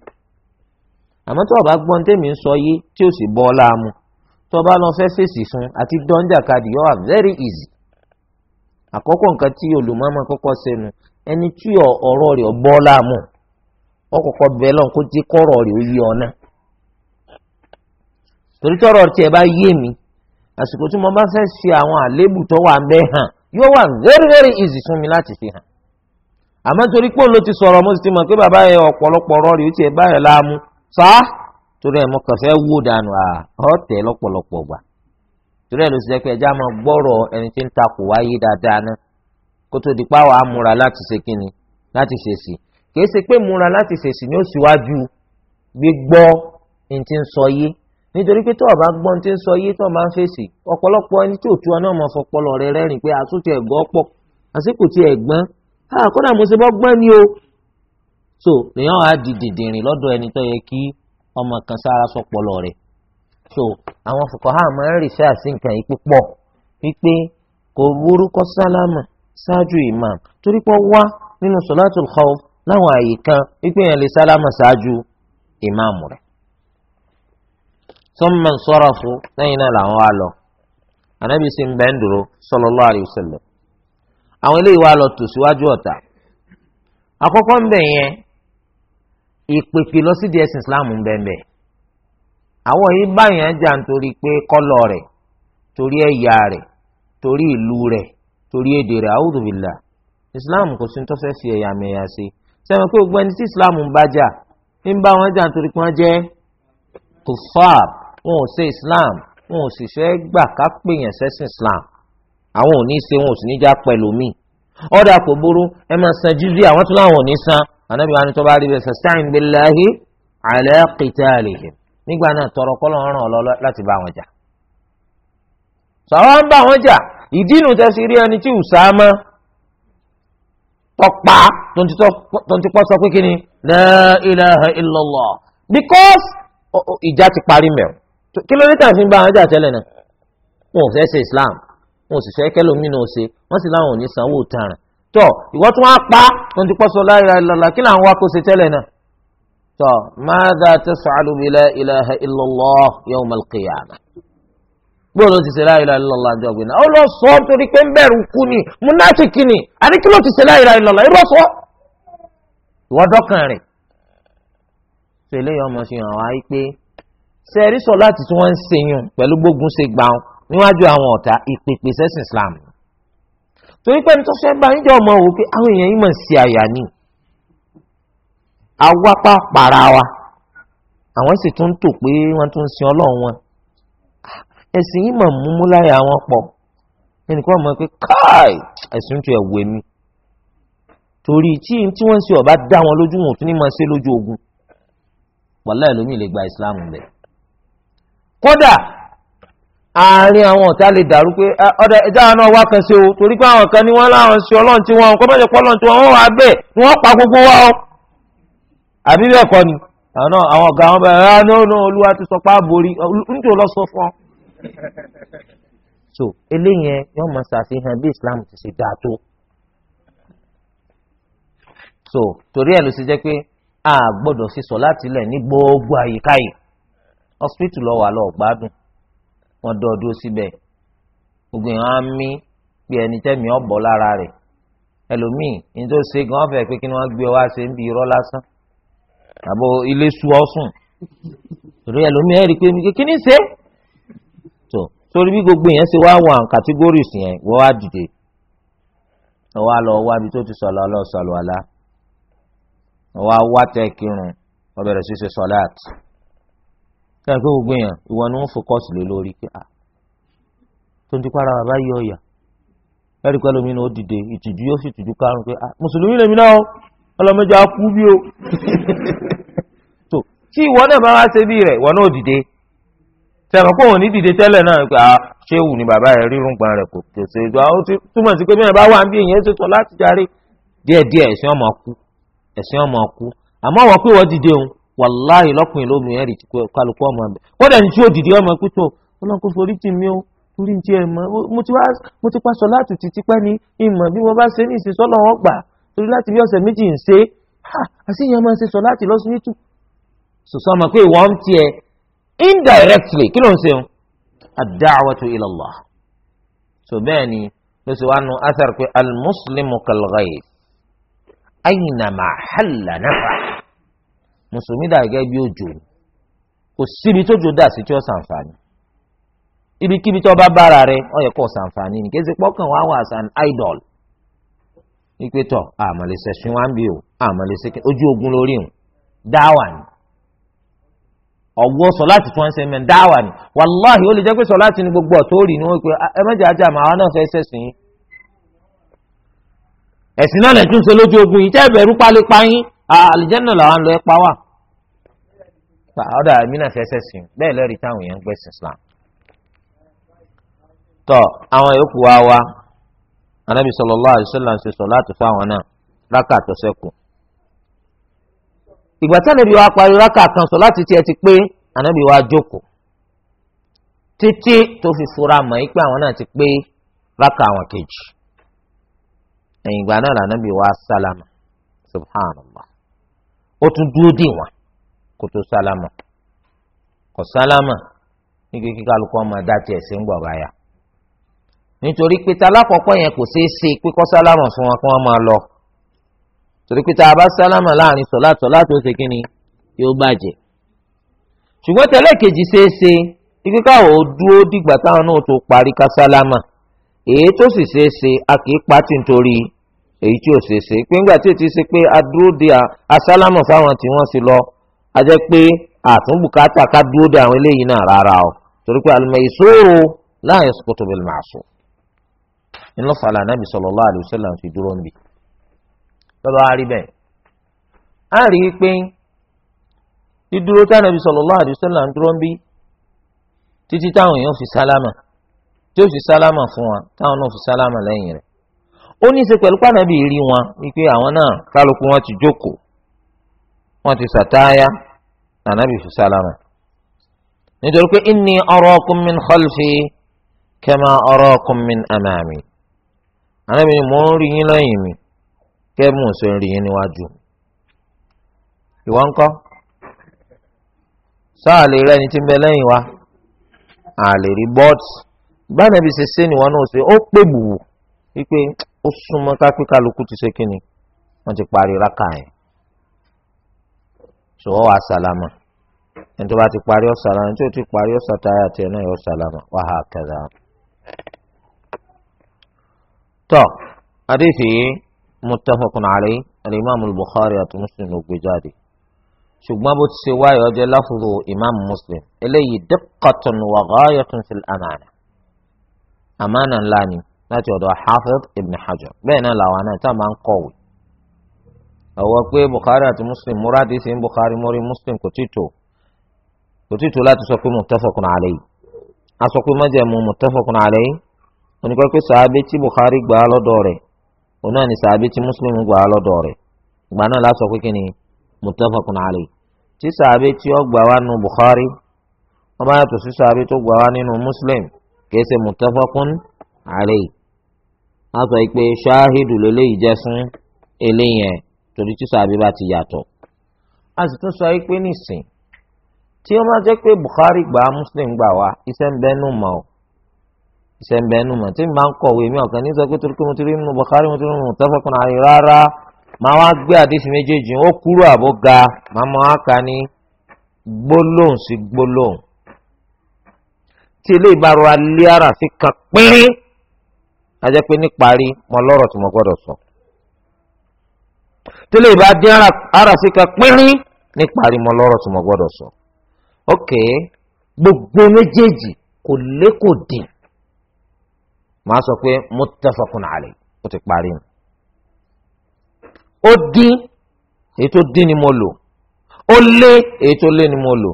àmọ́ tí ọba gbọ́n tèmi ń sọ yìí tí ó sì bọ́ ọ láàmú tí ọba lọ fẹ́ fèsì fún àti dọ́njà yóò wà very easy àkọ́kọ́ nǹkan tí olùmọ́mọ́ kọ́kọ́ sẹ́nu ẹni tí ọ̀rọ̀ rẹ̀ bọ́ ọ láàmú ọkọ̀kọ́ bẹ́ẹ̀ lọ́n kó jẹ́ kọ́rọ̀ rẹ̀ ó yí ọ náà torí tọ́rọ̀ tiẹ̀ bá yé mi àsìkò tí mo bá fẹ́ ṣe àwọn àléébù tó wà ń hàn yóò wà very very easy fún mi láti fi hàn àmọ́ torí pé òun ló ti sọ̀rọ̀ mo sì ti mọ̀ pé bàbá yẹn ọ̀pọ̀lọpọ̀ rọrì ó tiẹ̀ báyọ̀ láàmú sá torí ẹ̀ mo kàn fẹ́ wò dànù à ọ̀tẹ̀ lọ́pọ̀lọpọ̀ gbà torí ẹ̀ ló ṣe pé ẹja máa gbọ́rọ̀ ẹni tí ń takò wáyé dáadáa ná kó tó di páwọ̀ á múra láti ṣe kíni láti ṣèṣì kì í ṣe pé múra láti ṣèṣì ni ó síwájú gbígbọ́ ẹni tí ń sọ yé nítorí pé tó o bá gbọ́n tí ń sọ yé tó o máa ń fèsì ọ̀pọ̀lọpọ̀ ẹni tí ò tú ọ náà mọ̀ fọpọlọ rẹ rẹ́rìn pé àtúntì ẹ̀gbọ́n pọ̀ àsìkò tí ẹ̀gbọ́n àkọ́dà ah, mo ṣe bọ́ gbọ́n ni o. so lèyàn á di dìndìnrìn lọ́dọ̀ ẹni tó yẹ kí ọmọ kan sára sọpọlọ rẹ̀ so àwọn fòkànhá máa ń rìṣẹ́ àti nǹkan yìí púpọ̀ wípé kò burúkọ sálámà ṣáájú imam torí pé wá nínú sọ̀látùl khawf láwọn àyè kan wípé èèyàn lè sálámà thumma sarafu lẹ́yìn náà làwọn wá lọ ànábì sì ń bẹ́ẹ̀ ń dúró sallallahu alaihi wasallam àwọn eléyìí wá lọ tò síwájú ọ̀tá àkọ́kọ́ ń bẹ̀ yẹn ìpèpè lọ sí di ẹ̀sìn islam ń bẹ̀ ń bẹ̀ àwọn yìí báyìí jà nítorí pé kọ́lọ̀ rẹ̀ torí ẹ̀yà rẹ̀ torí ìlú rẹ̀ torí èdè rẹ̀ a'udhu islam kò sí tó fẹ́ fi ẹ̀yà mẹ́yà sí sẹ́wọ̀n pé gbogbo ẹni tí islam ń bá jà ń bá wọn jà nítorí pé wọ́n jẹ́ kufar wọn ò ṣe islam wọn ò sì fẹ́ gbà ká pèèyàn sẹ́sìn islam àwọn ò ní ṣe wọn ò sì ní já pẹ̀lú mi ọ̀dà kò burú ẹ máa san jíjí àwọn tó láwọn ò ní san ànábi wa ni tó bá rí bẹ́ẹ̀ sasta'in billahi ala qitalihim nígbà náà tọrọ kọ́ lọ́n ràn ọ́ láti bá wọn jà sọ̀rọ̀ ń bá wọn jà ìdí inú tẹ́ sí rí ẹni tí ò mọ́ tọpa tó ń ti pọ́ sọ pé kí ni la illallah because ìjà ti parí mẹ́rin kí ló dé tà fi ń bá àwọn ọjà tẹ́lẹ̀ náà wọn ò fẹ́ ṣe islam wọn ò sì fẹ́ kẹ́lò mí náà ṣe wọ́n sì láwọn ò ní sanwó tààràn tọ́ ìwọ tí wọ́n á pa tó ń ti pọ́sọ láìra ìlàlà kí làwọn wá kó ṣe tẹ́lẹ̀ náà tọ́ madha tas'alu bi la ilaha illallah yawm al-qiyamah gbọ́dọ̀ ló ti ṣe láìra ìlàlà àjọ gbìnà ó lọ sọ torí pé ń bẹ̀rù kú ni munafiki ni àní ọmọ ṣe hàn wá sẹ́ẹ̀rí sọ láti tí wọ́n ń sèyàn pẹ̀lú gbógun ṣe gbà wọn níwájú àwọn ọ̀tá ìpèpè sẹ́sìn Islam torí pé nítorí sẹ́ẹ̀ bá ń jẹ́ ọmọ wò pé àwọn èèyàn yìí mọ̀ sí àyà ni awápá para wa àwọn sì tún ń tò pé wọ́n tún ń sin ọlọ́run wọn ẹ̀sìn yìí mọ̀ múmú láyà wọn pọ̀ ẹnìkan mọ̀ pé káì ẹ̀sìn tún ẹ̀ wẹ̀ mí torí tí tí wọ́n ń ṣe ọ̀bá dá wọn lójú wọn ò tún ní máa ṣe lójú ogun wàláì lómi lè gba ìsìláàmù kódà àárín àwọn ọ̀tá lè dàrú pé ah, ọ̀dà ẹja náà wá kan sí o torí pé àwọn kan ní wọ́n láwọn sí ọlọ́run tí wọ́n kọ́ mọ́jọ́ pọ́ ọlọ́run tí wọ́n wà bẹ́ẹ̀ ni wọ́n pa gbogbo wa o àbí bẹ́ẹ̀ kọ́ ni àwọn àwọn ọ̀gá wọn bẹ̀rẹ̀ rárá ah, ní ọ̀nà olúwa ti sọ pé àbórí nítorí lọ sọ fún ọ. so eléyẹn yóò máa ṣàfihàn bí Islam ti ṣe dáa tó. so torí ẹ̀ ló ṣe jẹ́ pé a gbọ́dọ̀ sísọ láti lẹ̀ ní gbogbo àyíká yìí hospital lọ wà lọ gbádùn wọn dọ dúró síbẹ̀ gbogbo yẹn á mí pé ẹni tẹmí ọbọ lára rẹ̀ ẹlòmíì ní tó ṣe gan ọfẹ pé kí ni wọn gbé wá ṣe ń bi irọ́ lásán àbò ilé su ọsùn torí ẹlòmíì ẹ rí i pé kí ni ṣe tó torí bí gbogbo yẹn ṣe wá wà categories yẹn wọ́n wá dìde wọ́n wá lọ wá ibi tó ti sọ̀lọ́ lọ sọ̀lọ́ àlá wọ́n wá wá tẹ̀ kírun wọ́n sẹ́yìn pé gbogbo èèyàn ìwọ ni wọ́n fòkọ́sì lé lórí pé à ah, tó ń tipa ara bàbá yọ ọ̀yà ẹ̀rí pẹ́ lómi ni ó dìde ìtìjú yóò sì tìjú kárùn pé à ah, mùsùlùmí lèmi náà ọlọ́mọdé á kú bí o tó *laughs* tí ìwọ náà bá wá ṣe bí rẹ̀ ìwọ náà ò dìde sẹ́yìn pé òun ní dìde tẹ́lẹ̀ náà pé à ah, ṣéwù ni bàbá rẹ̀ rírun gbọ́n rẹ̀ kò kèsè ìjọ ó túmọ̀ sí pé bí wọn bá wà ń bí èèyàn ṣètò láti járe díẹ̀díẹ̀ ẹ̀sìn ọmọ ku ẹ̀sìn ọmọ ku àmọ́ wọ́n pé wọ́n dìde òun wàláhì lọ́kùnrin lóbìnrin ẹ̀rì kálukú ọmọ ẹ̀ kódà ní tí òdìdí ọmọ pító ọlọ́run kò forí tì mí o torí ti ẹ̀ mọ́ mo ti pa sọ láti títí pẹ́ ní ìmọ̀ bí wọ́n bá ṣe ní ìṣesọ́ lọ́wọ́ gbà torí láti bí ọ̀sẹ̀ méjì ń ṣe àṣìyàn máa ń ṣe sọ láti lọ́sibítù sọ̀sọ́ ọmọ pé ìwọ́n ti ẹ̀ indirectly kí ló ń ṣe ad-da'watu ila Allah so bẹ́ẹ̀ ni ló sì wá nu pé al-muslimu kal-ghayth mùsùlùmí dà gẹ́gẹ́ bí òjò kò síbi tójò dà sí tí ó sàǹfààní ibikíbi tó bá bára rẹ ó yẹ kó sàǹfààní ní kéésì pọ́kàn wá wà as idol wípé tọ àmọ̀lẹ́sẹ̀ sún wá ń bí o àmọ̀lẹ́sẹ̀ ojú ogun lórí o dáwà ni ọ̀gbọ́n sọ láti tún ẹsẹ̀ mẹ́rin dáwà ni wàláhì ó lè jẹ́ pé sọ láti ní gbogbo ọ̀tóòrì ni wọ́n pe ẹ mẹ́jọ ajá àmọ́ àwọn náà fẹ́ sẹ̀sìn yín ẹ̀sìn náà lẹ́tún ṣe lójú ogun yìí tẹ́ ẹ̀bẹ̀rú pálípá yín Ah, àlìjẹ́nà làwọn lọ ẹ pa wá ọ̀dà ah, àmínà fẹsẹ̀ sìn bẹ́ẹ̀ lẹ́rìí táwọn èèyàn ń gbé sin Islam. tọ́ àwọn yòókù wa wa anábì sallallahu alaihi wasallam ṣe sọ̀láàtù fáwọn náà rákà tó ṣẹ́kù. ìgbà tánàbí wa parí rákà kan sọ̀láàtì tiẹ̀ ti pé anábì wa jókòó títí tó fi fura mọ̀ yí pé àwọn náà ti pé rákà àwọn kejì. ẹ̀yìn ìgbà náà lànàbì wa sálámà subhanallah ó tún dúró dè wọ́n kó tó sálámà kò sálámà ní kíkí kálukú ọmọ ẹ̀dá tiẹ̀ sí ń gbọ̀ báyà nítorí pé talákọ̀ọ́kọ́ yẹn kò ṣeé ṣe pé kọ́ sálámà fún wọn kí wọ́n máa lọ torí pé tá a bá sálámà láàrin sọ̀lá sọ̀lá tó ṣe kínni yóò bàjẹ́ ṣùgbọ́n tẹ́lẹ̀ kejì ṣeé ṣe ikú káwọn ò dúró dìgbà táwọn náà tó parí ká sálámà èyí tó sì ṣeé ṣe a kì í pa tí nítorí èyí tí ò ṣeéṣe pé ńgbà tí ò ti ṣe pé adúró de asálámù fáwọn tí wọ́n ti lọ a jẹ́ pé àtúnbùkátà ká dúró de àwọn eléyìí náà rárá o torí pé àlùmọ̀ ìṣòro láàyè sọ́kòtò bẹ̀rẹ̀ máa sọ. iná fàlà nàbì sallallahu alaihi wasallam fi dúró níbi. bàbá wa rí bẹ́ẹ̀ á rí i pé dídúró tá nàbì sallallahu alaihi wasallam dúró níbi títí táwọn èèyàn fi sálámà tí ó fi sálámà fún wa táwọn náà fi sálámà lẹ́yìn rẹ̀ ó ní í ṣe pẹ̀lú pànàbí rí wọn wípé àwọn náà kálukú wọn ti jókòó wọn ti sàtáyà nànàbì fi sálámà nítorí pé inni araakum min khalfi kama araakum min amami nànàbì ni mò ń rí yín lẹ́yìn mi kẹ́ mò sọ rí yín níwájú ìwọ ńkọ́ sáà lè rẹ́ni tí ń bẹ lẹ́yìn wa àlè rí bọ́ọ̀tì bá nàbì ṣe ṣe ni wọn náà ṣe ó pè bùbù wípé ó súnmọ́ ká pé kálukú ti ṣe kínni wọ́n ti parí rákà yẹn ṣòwò wa sàlámà ẹni tó bá ti parí ọ̀sàlámà ẹni tó ti parí ọ̀sàtáyà tiẹ̀ náà yọ sàlámà wà á kẹdà. tọ́ adéṣe yìí muttafaqun alayhi alimami bukhari àti muslim ló gbé jáde ṣùgbọ́n bó ti ṣe wáyé ọjọ́ láfúrò ìmáàmù muslim eléyìí diqqatun wa ghayatun fil amana amana ńlá ni láti ọ̀dọ̀ Hafiz ibn Hajar bẹ́ẹ̀ náà làwọn náà tá a máa ń kọ̀wé ọ̀wọ́ pé Bukhari àti Muslim muradi sí Bukhari mori Muslim kò tí tó kò tí tó láti sọ pé muttafaqun alayhi a sọ pé májẹ̀mú muttafaqun alayhi oníkọ́ pé sàábé tí Bukhari gbà á lọ́dọ̀ rẹ̀ òun náà ni sàábé tí Muslim gbà á lọ́dọ̀ rẹ̀ ìgbà náà láti sọ pé kí ni muttafaqun alayhi tí sàábé tí sàábé tó gbà wá nínú wọ́n sọ pé ṣáhídù lélẹ́yìí jẹ́ fún eléyẹn torí tí sàbí bá ti yàtọ̀. a sì tún sọ pé nìsín tí ó máa jẹ́ pé Bukhari gbà Muslim gbà wá iṣẹ́ ń bẹ́nu mọ̀ ọ́ iṣẹ́ ń bẹ́nu mọ̀ tí n bá ń kọ̀wé mi ọ̀kan ní sọ pé torí pé mo ti rí nínú Bukhari mo ti rí nínú tẹ́fọ̀kùn àyè rárá máa wá gbé àdéṣe méjèèjì ó kúrò àbó ga máa mọ áka ní gbólóhùn sí gbólóhùn tí eléyìí bá lé ara sí kan pínrín ajẹ́ pé níparí mo lọ́rọ̀ tí mo gbọ́dọ̀ sọ. tẹ́lẹ̀ ìbá dín ara sí kan pínrín níparí mo lọ́rọ̀ tí mo gbọ́dọ̀ sọ. ok gbogbo méjèèjì kò lé kò dín màá sọ pé muttafaqun alayh ó ti parí ni. ó dín èyí tó dín ni mo lò ó lé èyí tó lé ni mo lò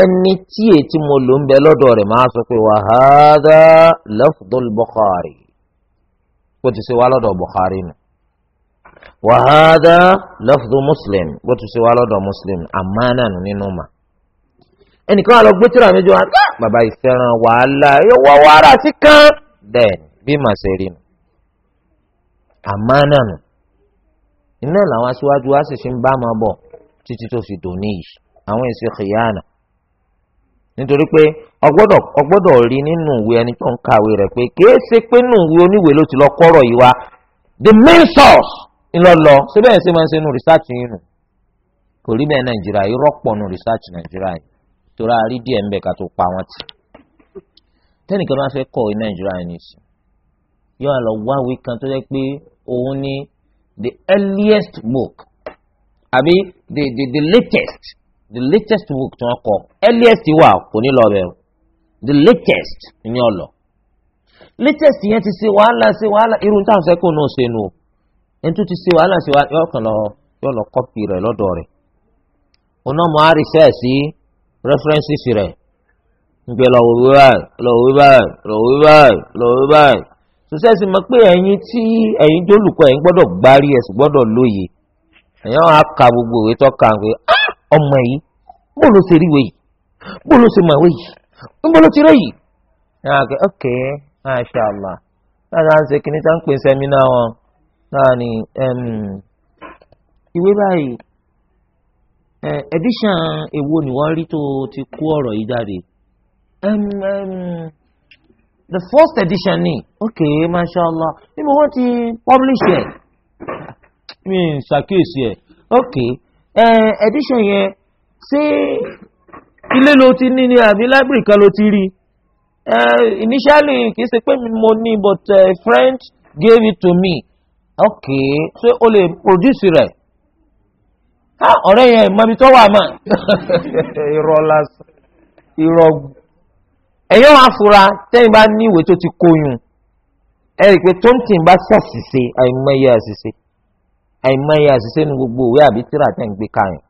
ẹni tí èyí tí mo lò ń bẹ lọ́dọ̀ rẹ̀ màá sọ pé wa hadha lafdul bó ti ṣe wá lọ́dọ̀ Bukhari nù wa hadha lafdhu Muslim bó ti ṣe wá lọ́dọ̀ Muslim àmánà nù nínú mà ẹnìkan àlọ́ gbé tíra méjì wá ká bàbá ìfẹ́ràn wàhálà yọwọ́ wàrà sí kan bẹ́ẹ̀ bí mà ṣe rí nù àmánà nù iná làwọn aṣíwájú wa sì ṣe ń bá máa bọ̀ títí tó fi dòní yìí àwọn èsì kìyànà nítorí pé ọgbọ́dọ̀ ọgbọ́dọ̀ rí nínú ìwé ẹni tó ń kàwé rẹ̀ pé kìí ṣe pé nínú ìwé oníwèé ló ti lọ kọ́rọ̀ yìí wá the main source ńlọlọ síbẹ̀ ẹ̀ ṣe máa ń ṣe nu research yìí nù kò rí bẹ́ẹ̀ nàìjíríà yìí rọ́pọ̀ nu research nàìjíríà yìí torí a rí díẹ̀ ńbẹ ká tó pa wọ́n tì tẹ́nìkan bá fẹ́ kọ̀wé nàìjíríà yìí nìṣẹ́ yóò lọ wáwé kan tó jẹ́ pé òun ni the earliest book àbí the the the latest the latest book tí wọ́n kọ earliest wà kò ní lọ bẹ̀rù the latest ni ọ lọ latest yẹn ti ṣe wàhálà ṣe wàhálà irun táwọn sẹ́kùn náà ṣe nù ẹni tó ti ṣe wàhálà ṣe wàhálà yọ kàn lọ yọ lọ kọ́pì rẹ̀ lọ́dọ̀ rẹ̀ oná mọ́ á rìṣẹ́ references rẹ̀ gbẹ lọ́wọ́ wí báyìí lọ́wọ́ wí báyìí lọ́wọ́ wí báyìí lọ́wọ́ wí báyìí sọ́sẹ́ sì mọ̀ pé ẹ̀yin tí ẹ̀yin jólùkọ́ ẹ̀yin gbọ́dọ̀ gbárí ẹ̀sùn gbọ́dọ̀ lóye ẹ̀yin wọn á ka gbogbo òwe tó kàn pé ah ọmọ yìí bó ṣe rí wèyí bó ṣe mọ̀ wèyí bó ló ti ok ok masha allah ṣe kìíní tá ń pè sẹ́mínà wọn náà ni ìwé báyìí edition èwo ni wọ́n rí tó ti kó ọ̀rọ̀ yìí jáde. the first edition ni ok masha ti publish mi ok. Eh, edition yẹn ṣé ilé ló ti ní ni àbí library kan ló ti rí eh, initially kì í ṣe pé mo ní but a eh, friend gave it to me ok so o lè produce rẹ̀ ká ah, ọ̀rẹ́ yẹn mọbi tó wà mà *laughs* irọ́ lásán irọ́ ẹ̀yọ́ wàá fura tẹ́yìn bá ní ìwé tó ti kóyún ẹ̀ rí i pé tóńtì bá ṣàṣìṣe àìmọye àṣìṣe. àìmọye àṣìṣe nu gbogbo òwe àbí tíra tẹ̀ ń gbé kàyàn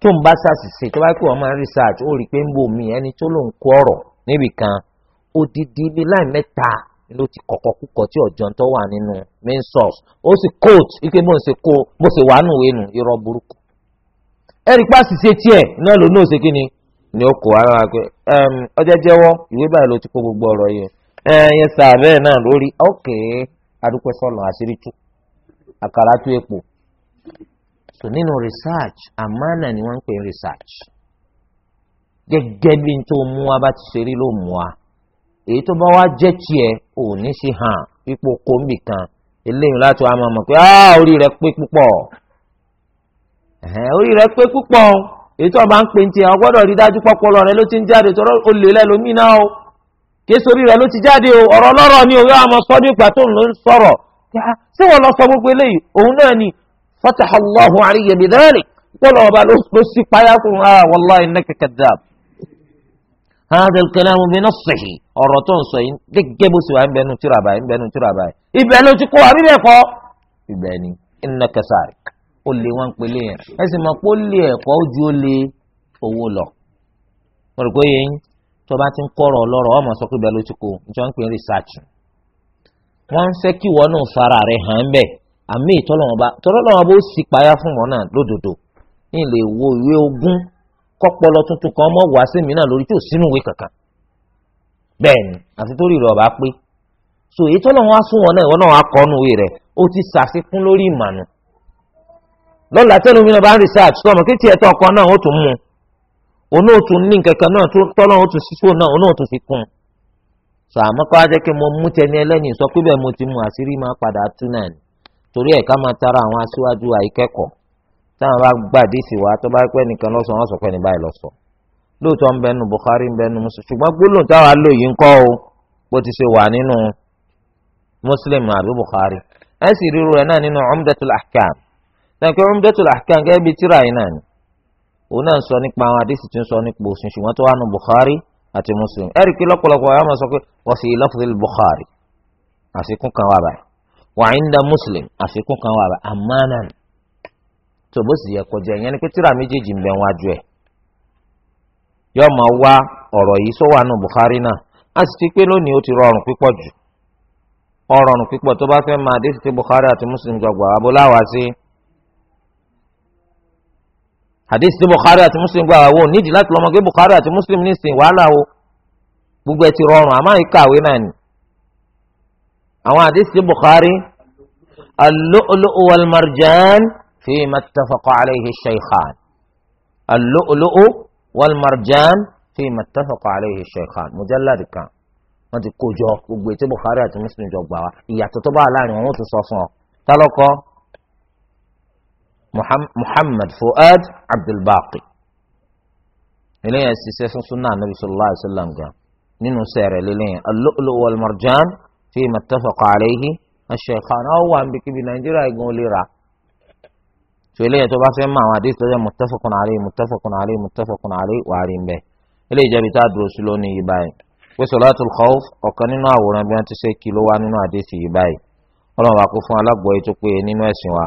tó ń bá ṣàṣìṣe tó bá wọ́n máa research rí pé ń bò ẹni tó ló ń kó ọ̀rọ̀ níbì kan odidi ibi láì mẹ́ta ló ti kọ̀kọ́ kúkọ̀ tí ọ̀jọ̀ wà nínú main source ó sì coat ike bó ń ṣe kó bó ṣe wà nùwé irọ́ burúkú ẹ̀rí pa tiẹ̀ náà ló náà ṣe kí ni ni ó kó ara pé náà lórí ok àkàrà tó epo so nínú research àmánà ni wọ́n ń pè research gẹ́gẹ́ bí n tó mú wa bá ti ṣe rí ló mú wa èyí tó bá wá jẹ́ tiẹ̀ ò ní sí hàn pípò kóńbì kan eléyìí láti wàá máa mọ̀ pé ah, orí rẹ̀ pé púpọ̀ orí rẹ̀ pé púpọ̀ èyí tó bá ń pè tiẹ̀ o gbọ́dọ̀ rí dájú pọ́pọ́lọ rẹ̀ ló ti ń jáde tọ́rọ olè lẹ́lòmínà o kéésì orí rẹ̀ ló ti jáde o ọ̀rọ̀ ọlọ́rọ̀ ni òwe àmọ́ sọ́dún ìgbà tó ń lọ sọ̀rọ̀ Ah, ṣé wọ́n lọ sọ gbogbo eléyìí òun náà ni fataha Allahu alayya bi dhalik tọ́lọ̀ ọba ló sì payá fún wa ah, wallahi innaka kadhab. هذا الكلام بنصه ọ̀rọ̀ tó ń sọ yìí gẹ́gẹ́ bó ṣe wà ń bẹnu tíra báyìí ń bẹnu tíra báyìí ibẹ̀ ló ti kó àbí bẹ́ẹ̀ kọ́ ibẹ̀ ni innaka sariq ó lé wọn pélé yẹn ẹ sì mọ̀ pé ó lé ẹ̀kọ́ ó ó lé owó lọ. mo rò pé yẹn tó bá ti ń kọ̀rọ̀ ọlọ́rọ̀ ọmọ sọ pé ibẹ̀ ló ti kó nítorí ń pè é rìsáàtì wọ́n ń kí wọ́n náà fara rẹ̀ hàn ń bẹ̀ àmì ìtọ́lọ́wọ́ba tọ́lọ́wọ́ba ó sì payá fún wọn náà lódodo ilé wo ìwé ogún kọ́pọlọ tuntun kan mọ́ wá sí mi náà lórí tí ò sínú ìwé kankan bẹ́ẹ̀ ni àti torí rẹ̀ ọba pé so èyí tọ́lọ́wọ́n fún wọn náà ìwọ náà wà kọ́ ọ́nù rẹ̀ ó ti ṣàfikún lórí ìmọ̀nù lọ́la sọ àmọ́ kó wá jẹ́ kí mo mú tẹni ẹlẹ́ni sọ pé bẹ́ẹ̀ mo ti mú àṣírí máa padà tú náà ni torí ẹ̀ ká máa tara àwọn aṣíwájú àìkẹ́kọ̀ọ́ táwọn bá gbàdí sí wa tó bá pẹ́ nìkan lọ́sọ̀ wọ́n sọ pé ní báyìí lọ́sọ̀ lóòótọ́ ń bẹnu Bukhari ń bẹnu Muslim ṣùgbọ́n gbólóhùn táwa lò yìí ń kọ́ o bó ti ṣe wà nínú Muslim àbí Bukhari ẹ̀ sì ríru rẹ̀ náà nínú Umdatul Ahkam nàkẹ́ Umdatul Ahkam gẹ́gẹ́ bíi tíra yìí náà ni òun náà ń sọ nípa àwọn àdìsí tí ń sọ nípa òsùn ṣùgbọ́n tó wà nù Bukhari àti muslim ẹ̀rí pé lọ́pọ̀lọpọ̀ àwọn máa sọ pé wọ́n sì lafzi bukhari àfikún kan wà báyìí wa muslim àfikún kan wà báyìí amanan tó bó sì yẹ kọjá ìyẹn ni pé tíra méjèèjì ń bẹ wájú ẹ̀ yọ máa wá ọ̀rọ̀ yìí sọ wà nù bukhari náà a sì ti pé lónìí ó ti rọrùn pípọ̀ jù ọ̀rọ̀rùn pípọ̀ tó bá fẹ́ máa dé ti bukhari àti muslim gbàgbọ́ abúláwá sí. Si, hadith ti bukhari àti muslim gba àwọn onídìí láti lọ́mọ pé bukhari àti muslim nísìnyí wàhálà o gbogbo ẹ̀ ti rọrùn àmọ́ ìkàwé náà ni àwọn hadith ti bukhari al-lu'lu'u wal marjan fi mattafaqa alayhi shaykhan al-lu'lu'u wal marjan fi mattafaqa alayhi shaykhan mujallad kan wọ́n ti kó jọ gbogbo ètò bukhari àti muslim jọ gbà wá ìyàtọ̀ tó bá wà láàrin wọn ó ti sọ fún ọ tálọ́kọ́ muhammad fuad abdulbaqi eléyàn ṣiṣẹ́ fún sunna anabi sallallahu alayhi wa sallam gan nínú sẹ̀rẹ̀ lélẹ́yìn al-lu'lu wal-marjan fi mattafaqa alayhi ash-shaykhan àwọn wà níbi kíbi nàìjíríà gan olè rà tó eléyàn tó bá fẹ́ mọ àwọn àdéhùn tó jẹ́ muttafaqun alayhi muttafaqun alayhi muttafaqun alayhi wà á rí mbẹ́ eléyìí jẹ́bi tá a dúró sí lónìí yìí báyìí pé khawf ọ̀kan nínú àwòrán bí wọ́n ti ṣe kí nínú àdéhùn yìí báyìí ọlọ́run bá kó fún alágbọ̀ọ́ tó péye nínú ẹ̀sìn wa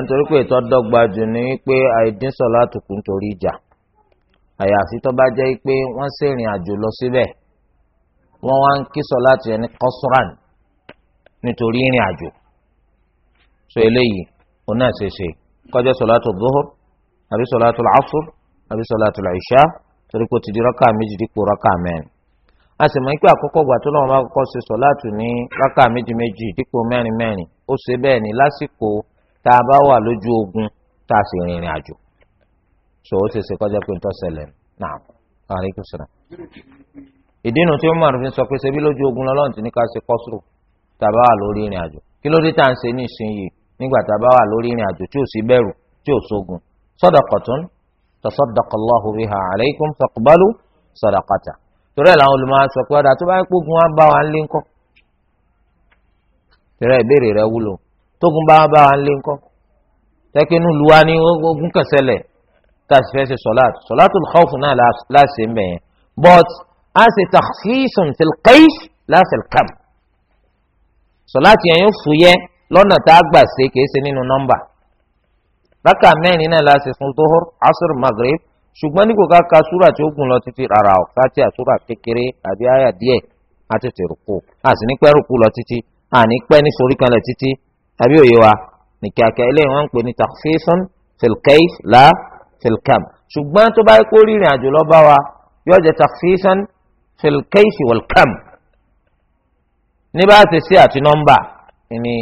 nítorí pé ètò ọdọgba jù ní pé àìdín sọ̀láàtù kù nítorí ìjà àyàfi tó bá jẹ́ pé wọ́n ṣèrìn àjò lọ síbẹ̀ wọ́n wá ń kí sọ̀láàtù yẹn ní kọ́sùrán nítorí ìrìn àjò so eléyìí òun náà ṣe ṣe kọjá sọ̀láàtù dúhùr àbí sọ̀láàtù làásùr àbí sọ̀láàtù làìṣá torí pé ó ti di rọ́kà méjì dípò rọ́kà mẹ́rin a sì mọ̀ pé àkọ́kọ́ gbà tó lọ́wọ́ bá kọ́kọ́ ṣe sọ̀láàtù ní rákà méjì méjì dípò mẹ́rin mẹ́rin ó ṣe bẹ́ẹ̀ ní lásìkò tá a bá wà lójú ogun tá a sì rìnrìn àjò so ó ṣe ṣe kọjá pé nǹkan ṣẹlẹ̀ náà alaikum salaam. ìdínú tí Umar fi sọ pé ṣebí lójú ogun lọ́lọ́run ti ní ká ṣe kọ́sùrù tá a bá wà lórí ìrìn àjò kí ló dé tá à ń ṣe ní ìsinyìí nígbà torí ẹ̀ làwọn olùmọ̀ sọ pé ọ̀dà tó bá gbógun wá bá wa lé ńkọ́ torí ẹ̀ ìbéèrè rẹ wúlò tógun bá wa bá wa lé ńkọ́ tẹ́kínú luwa ní ogun kẹsẹ̀lẹ̀ tá a sì fẹ́ ṣe sọ̀láàtù sọ̀láàtù náà láṣẹ ń but a ṣe takhsisun fil qais láṣẹ kàm sọ̀láàtù yẹn yóò fúyẹ́ lọ́nà tá a gbà ṣe kìí ṣe nínú nọ́mbà rákà mẹ́rin náà láṣẹ fún tóhùr asr maghrib ṣùgbọ́n ní kò ká ka súrà tí ó gùn lọ títí rárá o fati àsúrà kékeré àbí àyà díẹ̀ á tètè rúkú a sì ní pẹ́ rúkú lọ títí a ní pẹ́ ní sorí kanlẹ̀ títí àbí òye wa ní kíákíá eléyìí wọ́n ń pè ní takhfifun fil kayf la fil kam ṣùgbọ́n tó bá kó rírìn àjò lọ bá wa yóò jẹ́ takhfifun fil kayf wal kam ní bá a ti ṣe àti nọ́mbà ní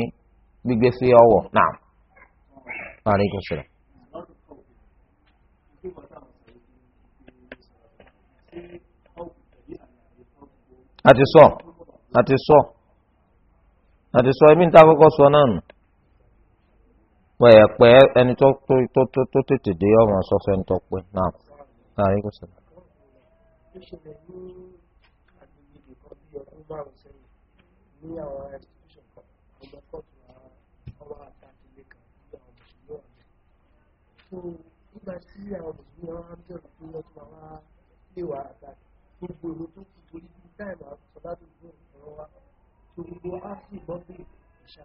gbígbé sí ọwọ́ náà àti sọ àti sọ àti sọ ẹbí níta kọ́kọ́ sọ náà nù pẹ̀ẹ́pẹ́ ẹni tó tó tó tó tètè dé ọmọ sọ fẹ́ ń tọ́ pé náà láàrin kò sọ ìṣẹ̀lẹ̀ ní agbègbè nìkan bí ọdún márùn sẹ́yìn ní àwọn institution kan ọgbà kóòtù ọwọ́ àtàkìlẹ̀ kan ní àwọn mùsùlùmí ọ̀dọ́. so nígbà tí àwọn mùsùlùmí ọ̀dọ́ bí ọ̀dọ́ tó lọ́tún àwọn wà àtàkì gbogbo èrò tó kù torí bí táìmù àtọ́ládùn ní ọ̀rọ̀ wa tó gbogbo á sì bọ́ bí ìṣà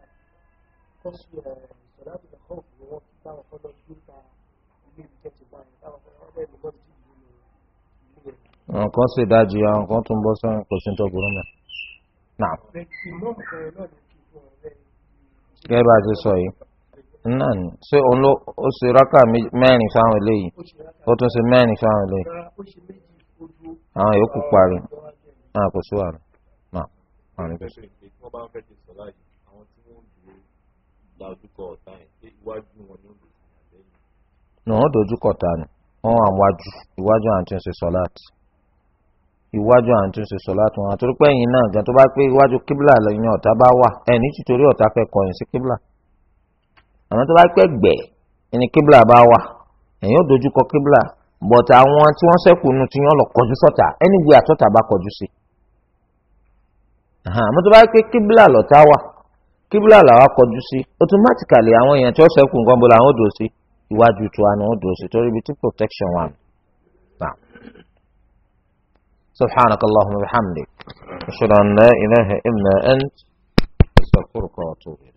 kọ́sù ìsọ̀ládùn ẹ̀kọ́ òkú ni kí táwọn fọ́lọ́ gbé ta ilé ìjẹ́ ti bá yẹn táwọn fọ́lọ́ bẹ́ẹ̀ ni lọ́dún tí ìlú lọ. àwọn kan sì dájú àwọn kan tún bọ́ sọ́yìn kò sí tó burú mọ́. gẹ́gẹ́ bá a ti sọ yìí náà ni ṣé òun ló ó ṣe rákà mẹ́rin fáwọn eléyìí ó tún ṣe mẹ́rin fáwọn eléyìí àwọn yòókù parí náà ah, kò sí wàrà náà àrùn kò sí. nà wọ́n dojúkọ ta ni wọ́n wà wájú iwájú àwọn tí ń ṣe sọ́láàtì iwájú àwọn tí ń ṣe sọ́láàtì wọn àtúrò pé ẹ̀yin náà gan tó bá pé iwájú kíbla lẹ́yìn ọ̀tá bá wà ẹ̀ ní títorí ọ̀tá fẹ́ kọ̀yìn sí kíbla àmọ́ tó bá pẹ́ gbẹ̀ ẹni kíbla bá wà ẹ̀yin ò dojúkọ kíbla but àwọn tí wọ́n ṣẹ́kù nu ti yàn lọ kọjú sọ́tà anywhere àtọ́tà bá kọjú sí. àmọ́ tó bá pé kíbílà lọ́tà wà kíbílà làwa kọjú sí automatically àwọn èèyàn tí wọ́n ṣẹ́kù nǹkan bó làwọn ò dò sí iwájú tó wọ́n dò sí torí ibi tí protection wà. سبحانك اللهم وبحمدك أشهد لا